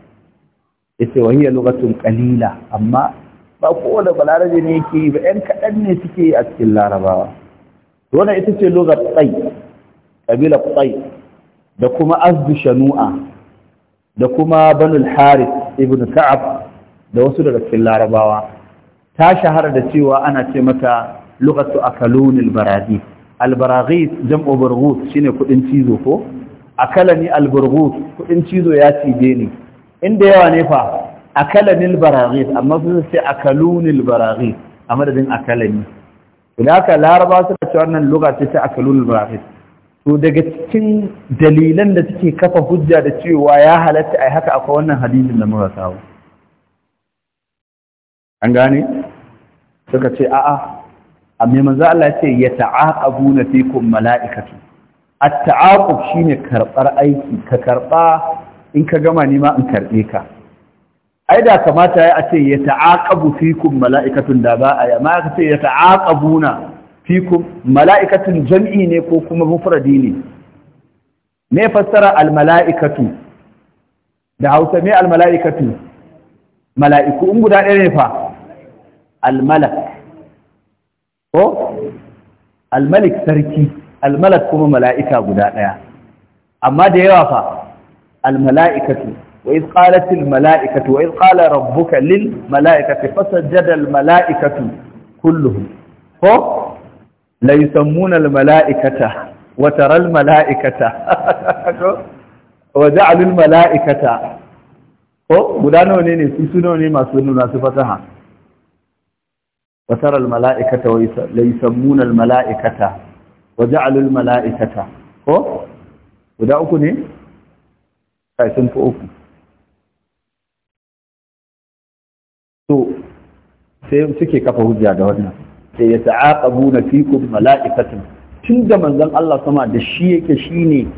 yace wa hiya lughatun qalila amma ba kowane balarabe ne yake yi ba ‘yan kaɗan ne suke a cikin larabawa Dole ita ce lugar tsai ƙabilar tsai da kuma azdu shanu'a da kuma banul harith ibn ka'ab da wasu daga cikin larabawa ta shahara da cewa ana ce mata lugatu akalun albaradi albaragis jam'u burghus shine kuɗin cizo ko akalani alburghus kuɗin cizo ya cije ni inda yawa ne fa akalanil baraghis amma sun sai akalunil baraghis a madadin akalani idan aka laraba suna ce wannan lokaci ta akalunil baraghis to daga cikin dalilan da suke kafa hujja da cewa ya halatta ai haka akwai wannan hadisin da muka kawo an gane suka ce a'a amma manzo Allah ya ce yata'aqabuna fikum mala'ikatu at-ta'aqub shine karbar aiki ka karba in ka gama nima in karbe ka ai da kamata ya ce ya ta'aqabu fikum mala'ikatun da ba aya ma ka ce ya ta'aqabuna fikum mala'ikatun jam'i ne ko kuma mufradi ne me fassara al mala'ikatu da Hausa me al mala'ikatu mala'iku in guda ɗaya ne fa al malak ko al malik sarki al malak kuma mala'ika guda ɗaya amma da yawa fa al mala'ikatu وإذ قالت الملائكة وإذ قال ربك للملائكة فسجد الملائكة كلهم هو لا يسمون الملائكة وترى الملائكة وجعل الملائكة هو بدانو ne ne su suno ne masu nuna su fataha وترى الملائكة لا يسمون الملائكة وجعل الملائكة هو guda uku ne kai sun fi uku to sai suke kafa hujja da wannan sai ya na fikum mala'ikatun tunda manzon Allah sama da shi yake shine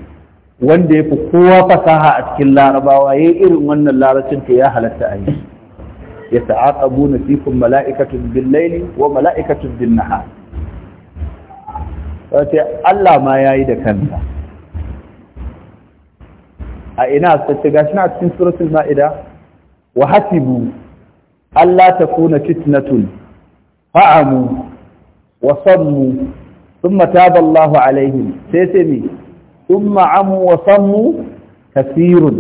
wanda yafi kowa fasaha a cikin larabawa yayi irin wannan larabcin ta ya halatta a yi ya na fikum mala'ikatun bil-laili wa mala'ikatun bin-nahar sai Allah ma yayi da kansa a ina sai shi na cikin suratul ma'ida wa hasibu ألا تكون فتنة فعموا وصموا ثم تاب الله عليهم سيسمي ثم عموا وصموا كثير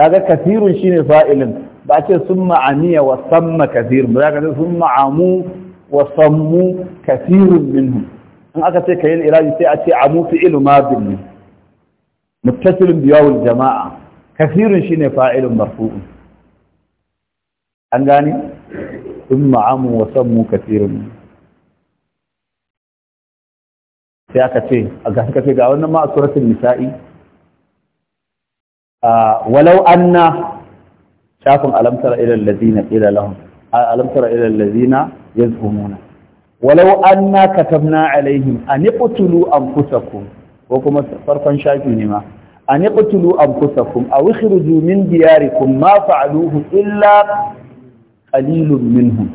هذا كثير شيني فائل بأتي ثم عمي وصم كثير بأتي ثم عموا وصموا كثير منهم أنا أكتب كيل إلهي سيأتي عموا في ما ماضي متصل بواو الجماعة كثير شيء فائل مرفوع an gane sun ma'amu wasan mu kafirin. sai aka ce a ga suka ce ga wannan ma a suratun nisa'i walau anna shafin alamtara ilal lazina ila lahum alamtara ilal lazina yazhumuna walau anna katabna alaihim an iqtulu anfusakum ko kuma farkon shafi ne ma an iqtulu anfusakum aw ikhruju min diyarikum ma fa'aluhu illa qalilun minhum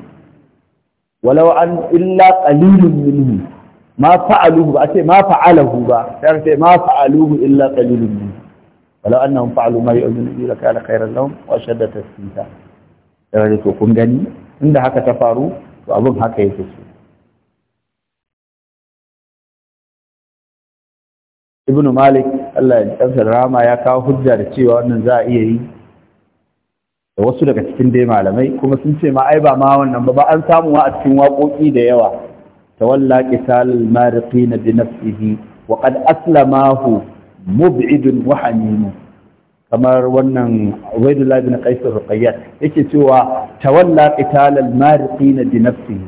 walau an illa qalilun minhum ma fa'aluhu ba ce ma fa'alahu ba sai ce ma fa'aluhu illa qalilun minhum walau annahum fa'alu ma yu'minu bi lakana khairan lahum wa shadda tasbita sai to kun gani inda haka ta faru to abin haka yake so ibnu malik Allah ya tsara rama ya kawo hujja da cewa wannan za a iya yi wasu daga cikin dai malamai kuma sun ce ma ai ba ma wannan ba ba an samu a cikin waƙoƙi da yawa tawalla qital mariqina bi nafsihi wa qad aslamahu mub'idun wa hamimun kamar wannan Ubaidullah bin Qais al-Ruqayyah yake cewa tawalla qital al-mariqin bi nafsihi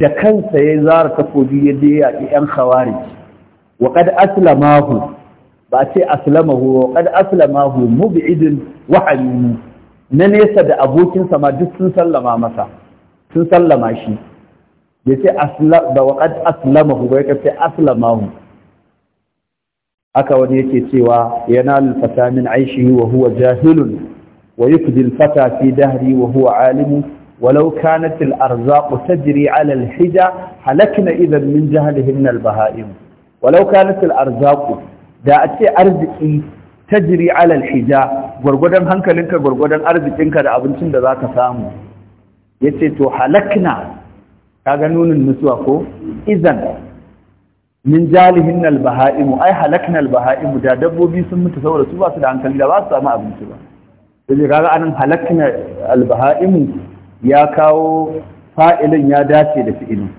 da kansa yayin zara takobi ya je ya yan khawarij wa qad aslamahu ba ce aslamahu wa qad aslamahu mub'idun wa halim na nesa da abokinsa ma duk sun sallama masa sun sallama shi ya ce da waƙad aslamahu bai ka ce aslamahu aka wani yake cewa yana alfata min aishihi wa huwa jahilun wa yukdil fata fi dahri wa huwa alimu ولو كانت الأرزاق تجري على الحجة هلكنا إذا من جهلهم البهائم ولو كانت arzaku da a ce arziki tajri ala alhija gurgudan hankalinka gurgudan arzikinka da abincin da zaka samu yace to halakna kaga nunin nusuwa ko idan min jalihin albahaim ai halakna albahaim da dabbobi sun mutu saboda su ba su da hankali da ba su samu abinci ba sai kaga anan halakna albahaim ya kawo fa'ilin ya dace da fi'ilin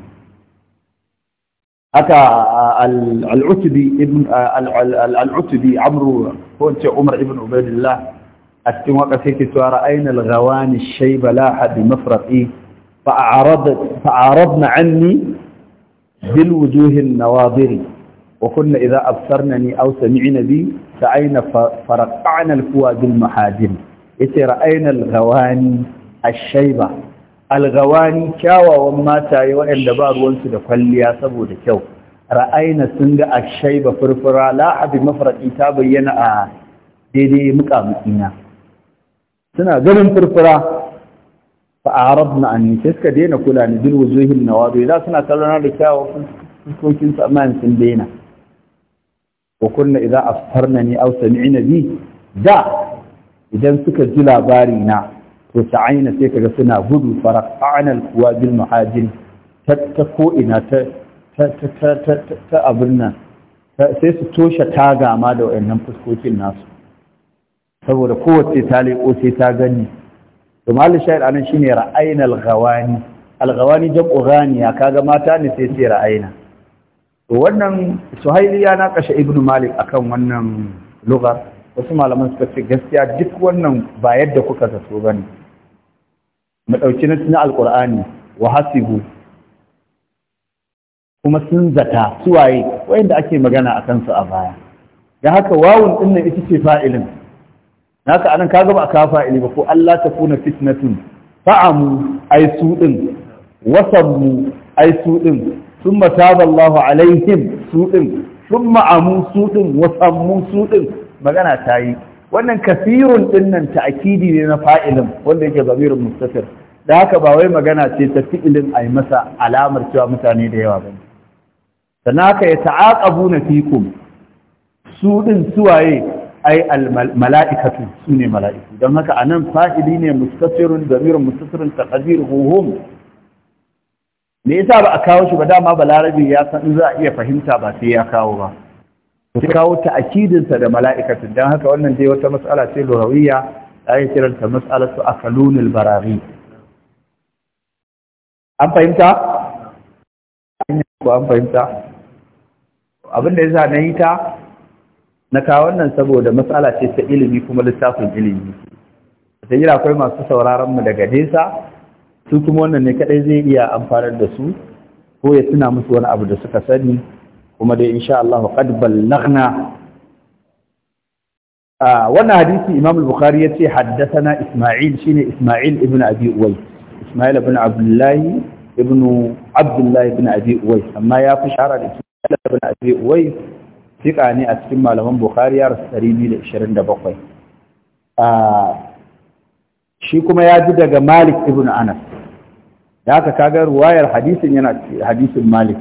haka al utbi ibn al utbi amru كنت عمر ابن عبيد الله أتم وقفك سوار أين الغوان الشيب لاحد مفرقي فأعرضت فأعرضنا عني بالوجوه النواظر وكنا إذا أبصرنني أو سمعنا بي فأين فرقعنا الكوى المحاجر إذا رأينا الغواني الشيبة الغواني كاوى وما تايوة إلا بعض وانسد كل يا سبو دكوف ra'ayna sun ga ashaiba furfura la abi ta bayyana a daidai muƙamuƙina suna ganin furfura fa arabna an sai suka daina kula ni bil wuzuhin nawadu idan suna kallona da kyawu fuskokin su amma sun daina wa kunna idan asfarna ni aw sami'na bi da idan suka ji labari na to sa'aina sai kaga suna gudu fara al-kuwa bil muhajir ta ina ta ta abin nan sai su toshe taga ma da wayannan fuskokin nasu saboda kowace ta leƙo sai ta gani to mahallin shahid anan shine ra'ayna al-ghawani al-ghawani jam'u kaga mata ne sai sai ra'ayna to wannan suhaili ya kashe ibnu malik akan wannan lugar wasu malaman suka ce gaskiya duk wannan ba yadda kuka zato bane mu ɗauki na Alƙur'ani, wahasigu. wa hasibu kuma sun zata suwaye wayanda ake magana a kansu a baya da haka wawun din nan ita ce fa'ilin naka anan ka ba a fa'ili ba ko Allah ta kuna fitnatun fa'amu ai su din wasammu ai su din summa taballahu alaihim su din summa amu su din wasammu su din magana ta yi wannan kafirun din nan ta'kidi ne na fa'ilin wanda yake zamirin mustafir da haka ba wai magana ce ta fi'ilin yi masa alamar cewa mutane da yawa bane sanaka ya ta'aqabu na fikum su din suwaye ai al mala'ikatu sune mala'iku dan haka anan fa'ili ne mustatirun damir mustatirun taqdir huhum me yasa ba a kawo shi ba dama balarabi ya san za a iya fahimta ba sai ya kawo ba sai kawo sa da mala'ikatu dan haka wannan dai wata mas'ala ce lurawiyya ai kiranta mas'alatu akalunil barari an fahimta ko an fahimta abin da yasa na yi ta na kawo wannan saboda matsala ce ta ilimi kuma littafin ilimi ta yi akwai masu sauraron mu daga nesa su kuma wannan ne kadai zai iya amfana da su ko ya tuna musu wani abu da suka sani kuma dai insha Allah qad ballaghna a wannan hadisi Imam al ya ce haddathana Isma'il shine Isma'il ibn Abi Uwais Isma'il ibn Abdullah ibn Abdullah ibn Abi Uwais amma ya fi shahara da ibn abu wai fika ne a cikin malaman bukhari ya rasu 227 a shi kuma ya ji daga malik ibn anas da haka kaga wayar hadisin yana hadisin malik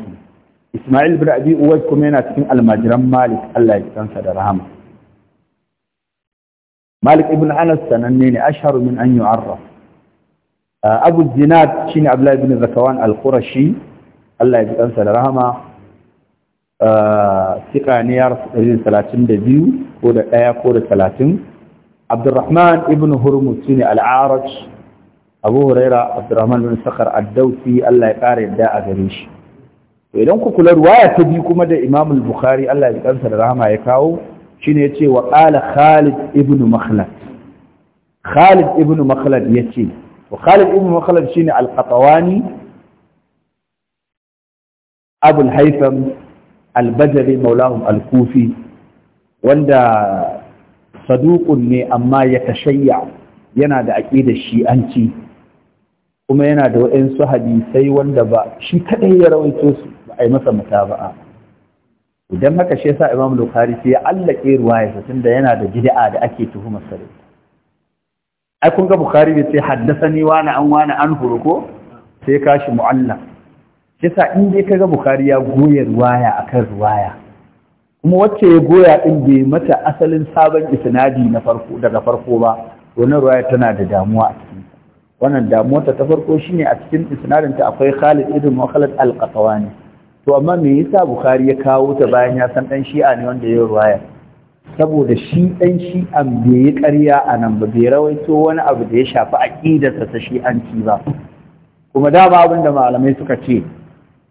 isma'il ibn abi uwais kuma yana cikin almajiran malik Allah ya kansa da rahama malik ibn anas sananne ne ashharu min an yu'arraf abu zinad shine abdullahi ibn zakawan al-qurashi Allah ya ji kansa da rahama sika ne ya rasu ko da ɗaya ko da talatin abdurrahman ibn hurmus shi ne al'araj abu huraira abdurrahman bin sakar addausi allah ya ƙara yadda a gare shi idan ku kula ruwaya ta biyu kuma da imam bukhari allah ya kansa da rahama ya kawo shine yace wa qala khalid ibn makhlad khalid ibn makhlad yace wa khalid ibn makhlad shine al-qatawani abul haytham albajari maulahu alkufi wanda saduƙun ne amma ya tashayya yana da aƙidar shi'anci kuma yana da waɗansu hadisai wanda ba shi kaɗai ya rawaito su ba a yi masa mutaba'a idan haka shi yasa Imam Bukhari sai ya allake ruwayarsa tunda yana da jida'a da ake tuhumar sare. ai kun ga Bukhari bai haddasa ni wani an wani an ko sai kashi mu'allam yasa in dai kaga bukari ya goya ruwaya akan ruwaya kuma wacce ya goya din bai mata asalin sabon isnadi na farko daga farko ba wannan ruwaya tana da damuwa a cikin wannan damuwar ta farko shine a cikin isnadin ta akwai Khalid ibn Khalid al qatwani to amma me yasa Bukhari ya kawo ta bayan ya san dan Shi'a ne wanda ya ruwaya saboda shi dan Shi'an bai yi ƙarya a nan ba bai rawaito wani abu da ya shafi sa ta Shi'anci ba kuma da dama abinda malamai suka ce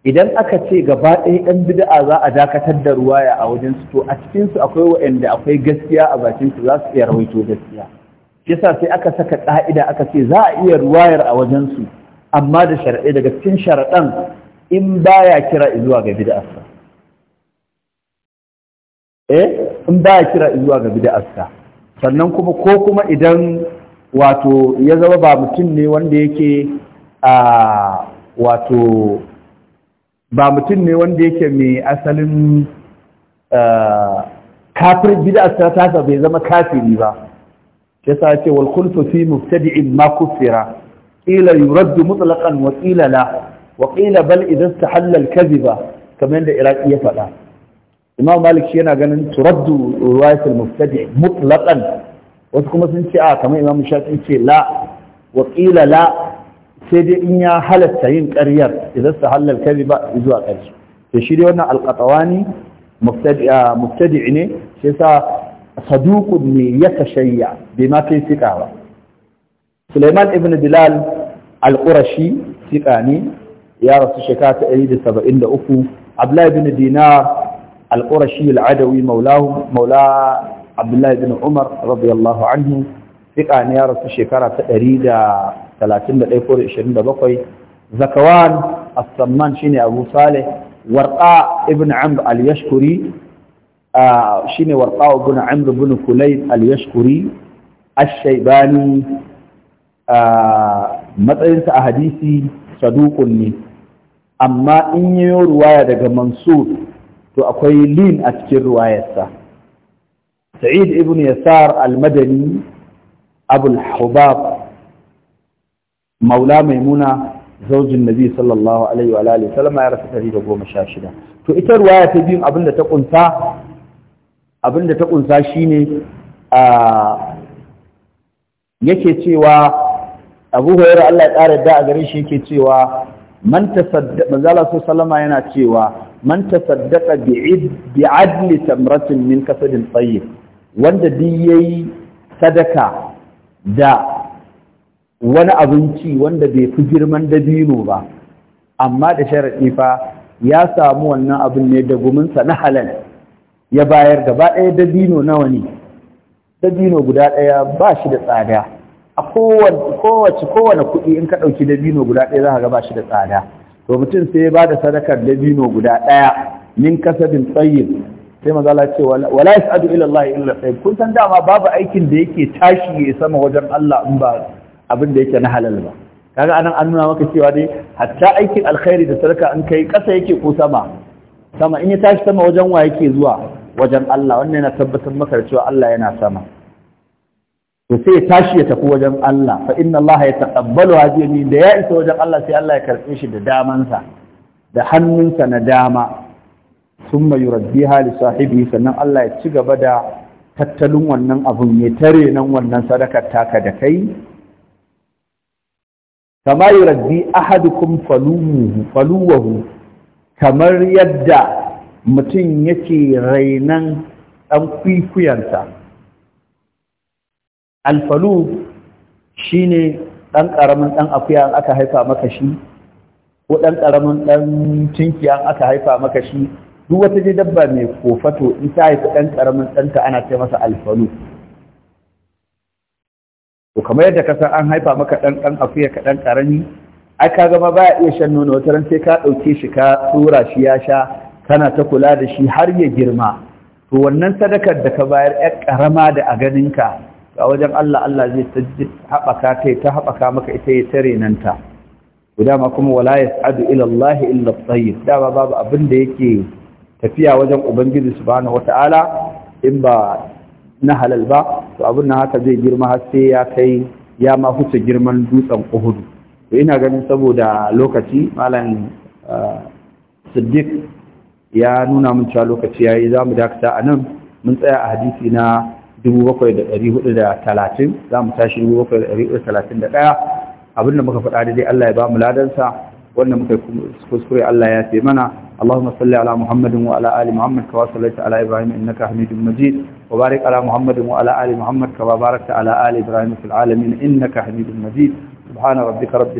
idan aka ce gaba ɗaya ɗan bid'a za a dakatar da ruwaya a wajen su to a cikin su akwai waɗanda akwai gaskiya a bakin su za su iya rawaito gaskiya yasa sai aka saka ƙa'ida aka ce za a iya ruwayar a wajen su amma da sharaɗe daga cikin sharaɗan in baya kira zuwa ga bid'arsa eh in baya kira zuwa ga sa sannan kuma ko kuma idan wato ya zama ba mutum ne wanda yake a wato ba mutum ne wanda yake mai asalin eh, kafir bid'a ta tasa bai zama kafiri ba ke sa ce wal khulfu fi mubtadi'in ma kufira qila yurad mutlaqan wa qila la wa bal idan istahalla al kadhiba kamar yadda iraki ya faɗa imam malik shi yana ganin turaddu riwayat mubtadi' mutlaqan wasu kuma sun ce a kamar imam shafi'i ce la wa la sai dai in ya halatta yin ƙaryar idan su halal kari ba zuwa ƙarshe da shi dai wannan alƙatawani mubtadi ne sai sa saduqun ne ya tashayya bai ma kai siƙa ba Sulaiman ibn Bilal al-Qurashi siƙa ne ya rasu shekara ta 173 Abdullah ibn Dinar القرشي العدوي مولاه مولى عبد الله بن عمر رضي الله عنه ثقة أن يارس الشكرة تأريد 31 ko 27 zakawan as-samman shine abu salih warqa ibn amr al-yashkuri shine warqa ibn amr ibn kulayb al-yashkuri ash-shaybani matsayinsa a hadisi saduqun ne amma in yi ruwaya daga mansur to akwai lin a cikin ruwayarsa sa'id ibn yasar al-madani abul hubab maula maimuna zaujin nabi sallallahu alaihi wa alihi sallama ya rasu 116 to ita ruwaya ta biyun abinda ta kunsa abinda ta kunsa shine a yake cewa Abu Hurairah Allah ya ƙara da a gare shi yake cewa man tasaddaqa manzala sallama yana cewa man tasaddaqa bi'id bi'adli tamratin min kasadin tayyib wanda duk sadaka da wani abinci wanda bai fi girman dabino ba amma da sharaɗi fa ya samu wannan abin ne da guminsa na halal ya bayar gaba ɗaya dabino nawa ne dabino guda ɗaya ba shi da tsada a kowace kowane kuɗi in ka ɗauki dabino guda ɗaya za ka ga ba shi da tsada to mutum sai ya ba da sadakar dabino guda ɗaya min kasabin tsayin sai mazala ce wala yas'adu ila ilallah illa tsayin kun san dama babu aikin da yake tashi ya sama wajen Allah in ba abin da yake na halal ba kaga anan an nuna maka cewa dai hatta aikin alkhairi da sadaka in kai kasa yake ko sama sama in ya tashi sama wajen wa yake zuwa wajen Allah wannan yana tabbatar maka da cewa Allah yana sama to sai ya tashi ya tafi wajen Allah fa inna Allah ya taqabbalu hadhihi da ya isa wajen Allah sai Allah ya karbe shi da damansa da hannunsa na dama summa yurabbiha li sahibi sannan Allah ya ci gaba da tattalin wannan abun ya tare nan wannan sadakar taka da kai kama yuraddi ahadukum faluhu faluwahu kamar yadda mutum yake rainan ɗan kwikwiyanta alfalu shi ne ɗan ƙaramin ɗan akuya aka haifa maka shi ko ɗan ƙaramin ɗan an aka haifa maka shi duk wata je dabba mai kofato in ta haifi ɗan ƙaramin ɗanta ana ce masa alfalu to kamar yadda ka san an haifa maka dan dan akuya ka dan karami ai ka baya iya shan nono wata ran sai ka dauke shi ka tsura shi ya sha kana ta kula da shi har ya girma to wannan sadakar da ka bayar yar karama da a ganin ka a wajen Allah Allah zai ta habaka kai ta haɓaka maka ita ya tare nan ta to dama kuma wala yas'adu ila Allah illa at-tayyib dama babu abin da yake tafiya wajen ubangiji subhanahu wata'ala in ba na halal ba to abin nan haka zai girma har sai ya kai ya ma huce girman dutsen uhudu to ina ganin saboda lokaci malam ah, siddiq ya nuna mun cewa lokaci yayi za mu dakata a nan mun tsaya a hadisi na 7430 za mu tashi 7431 abin da muka faɗa da dai Allah ya ba mu ladansa wannan muka kuskure Allah ya fi mana Allahumma salli ala Muhammadin wa ala ali Muhammad kawai sallaita ala Ibrahim innaka Hamidum وبارك على محمد وعلى آل محمد كما باركت على آل إبراهيم في العالمين إنك حميد مجيد سبحان ربك رب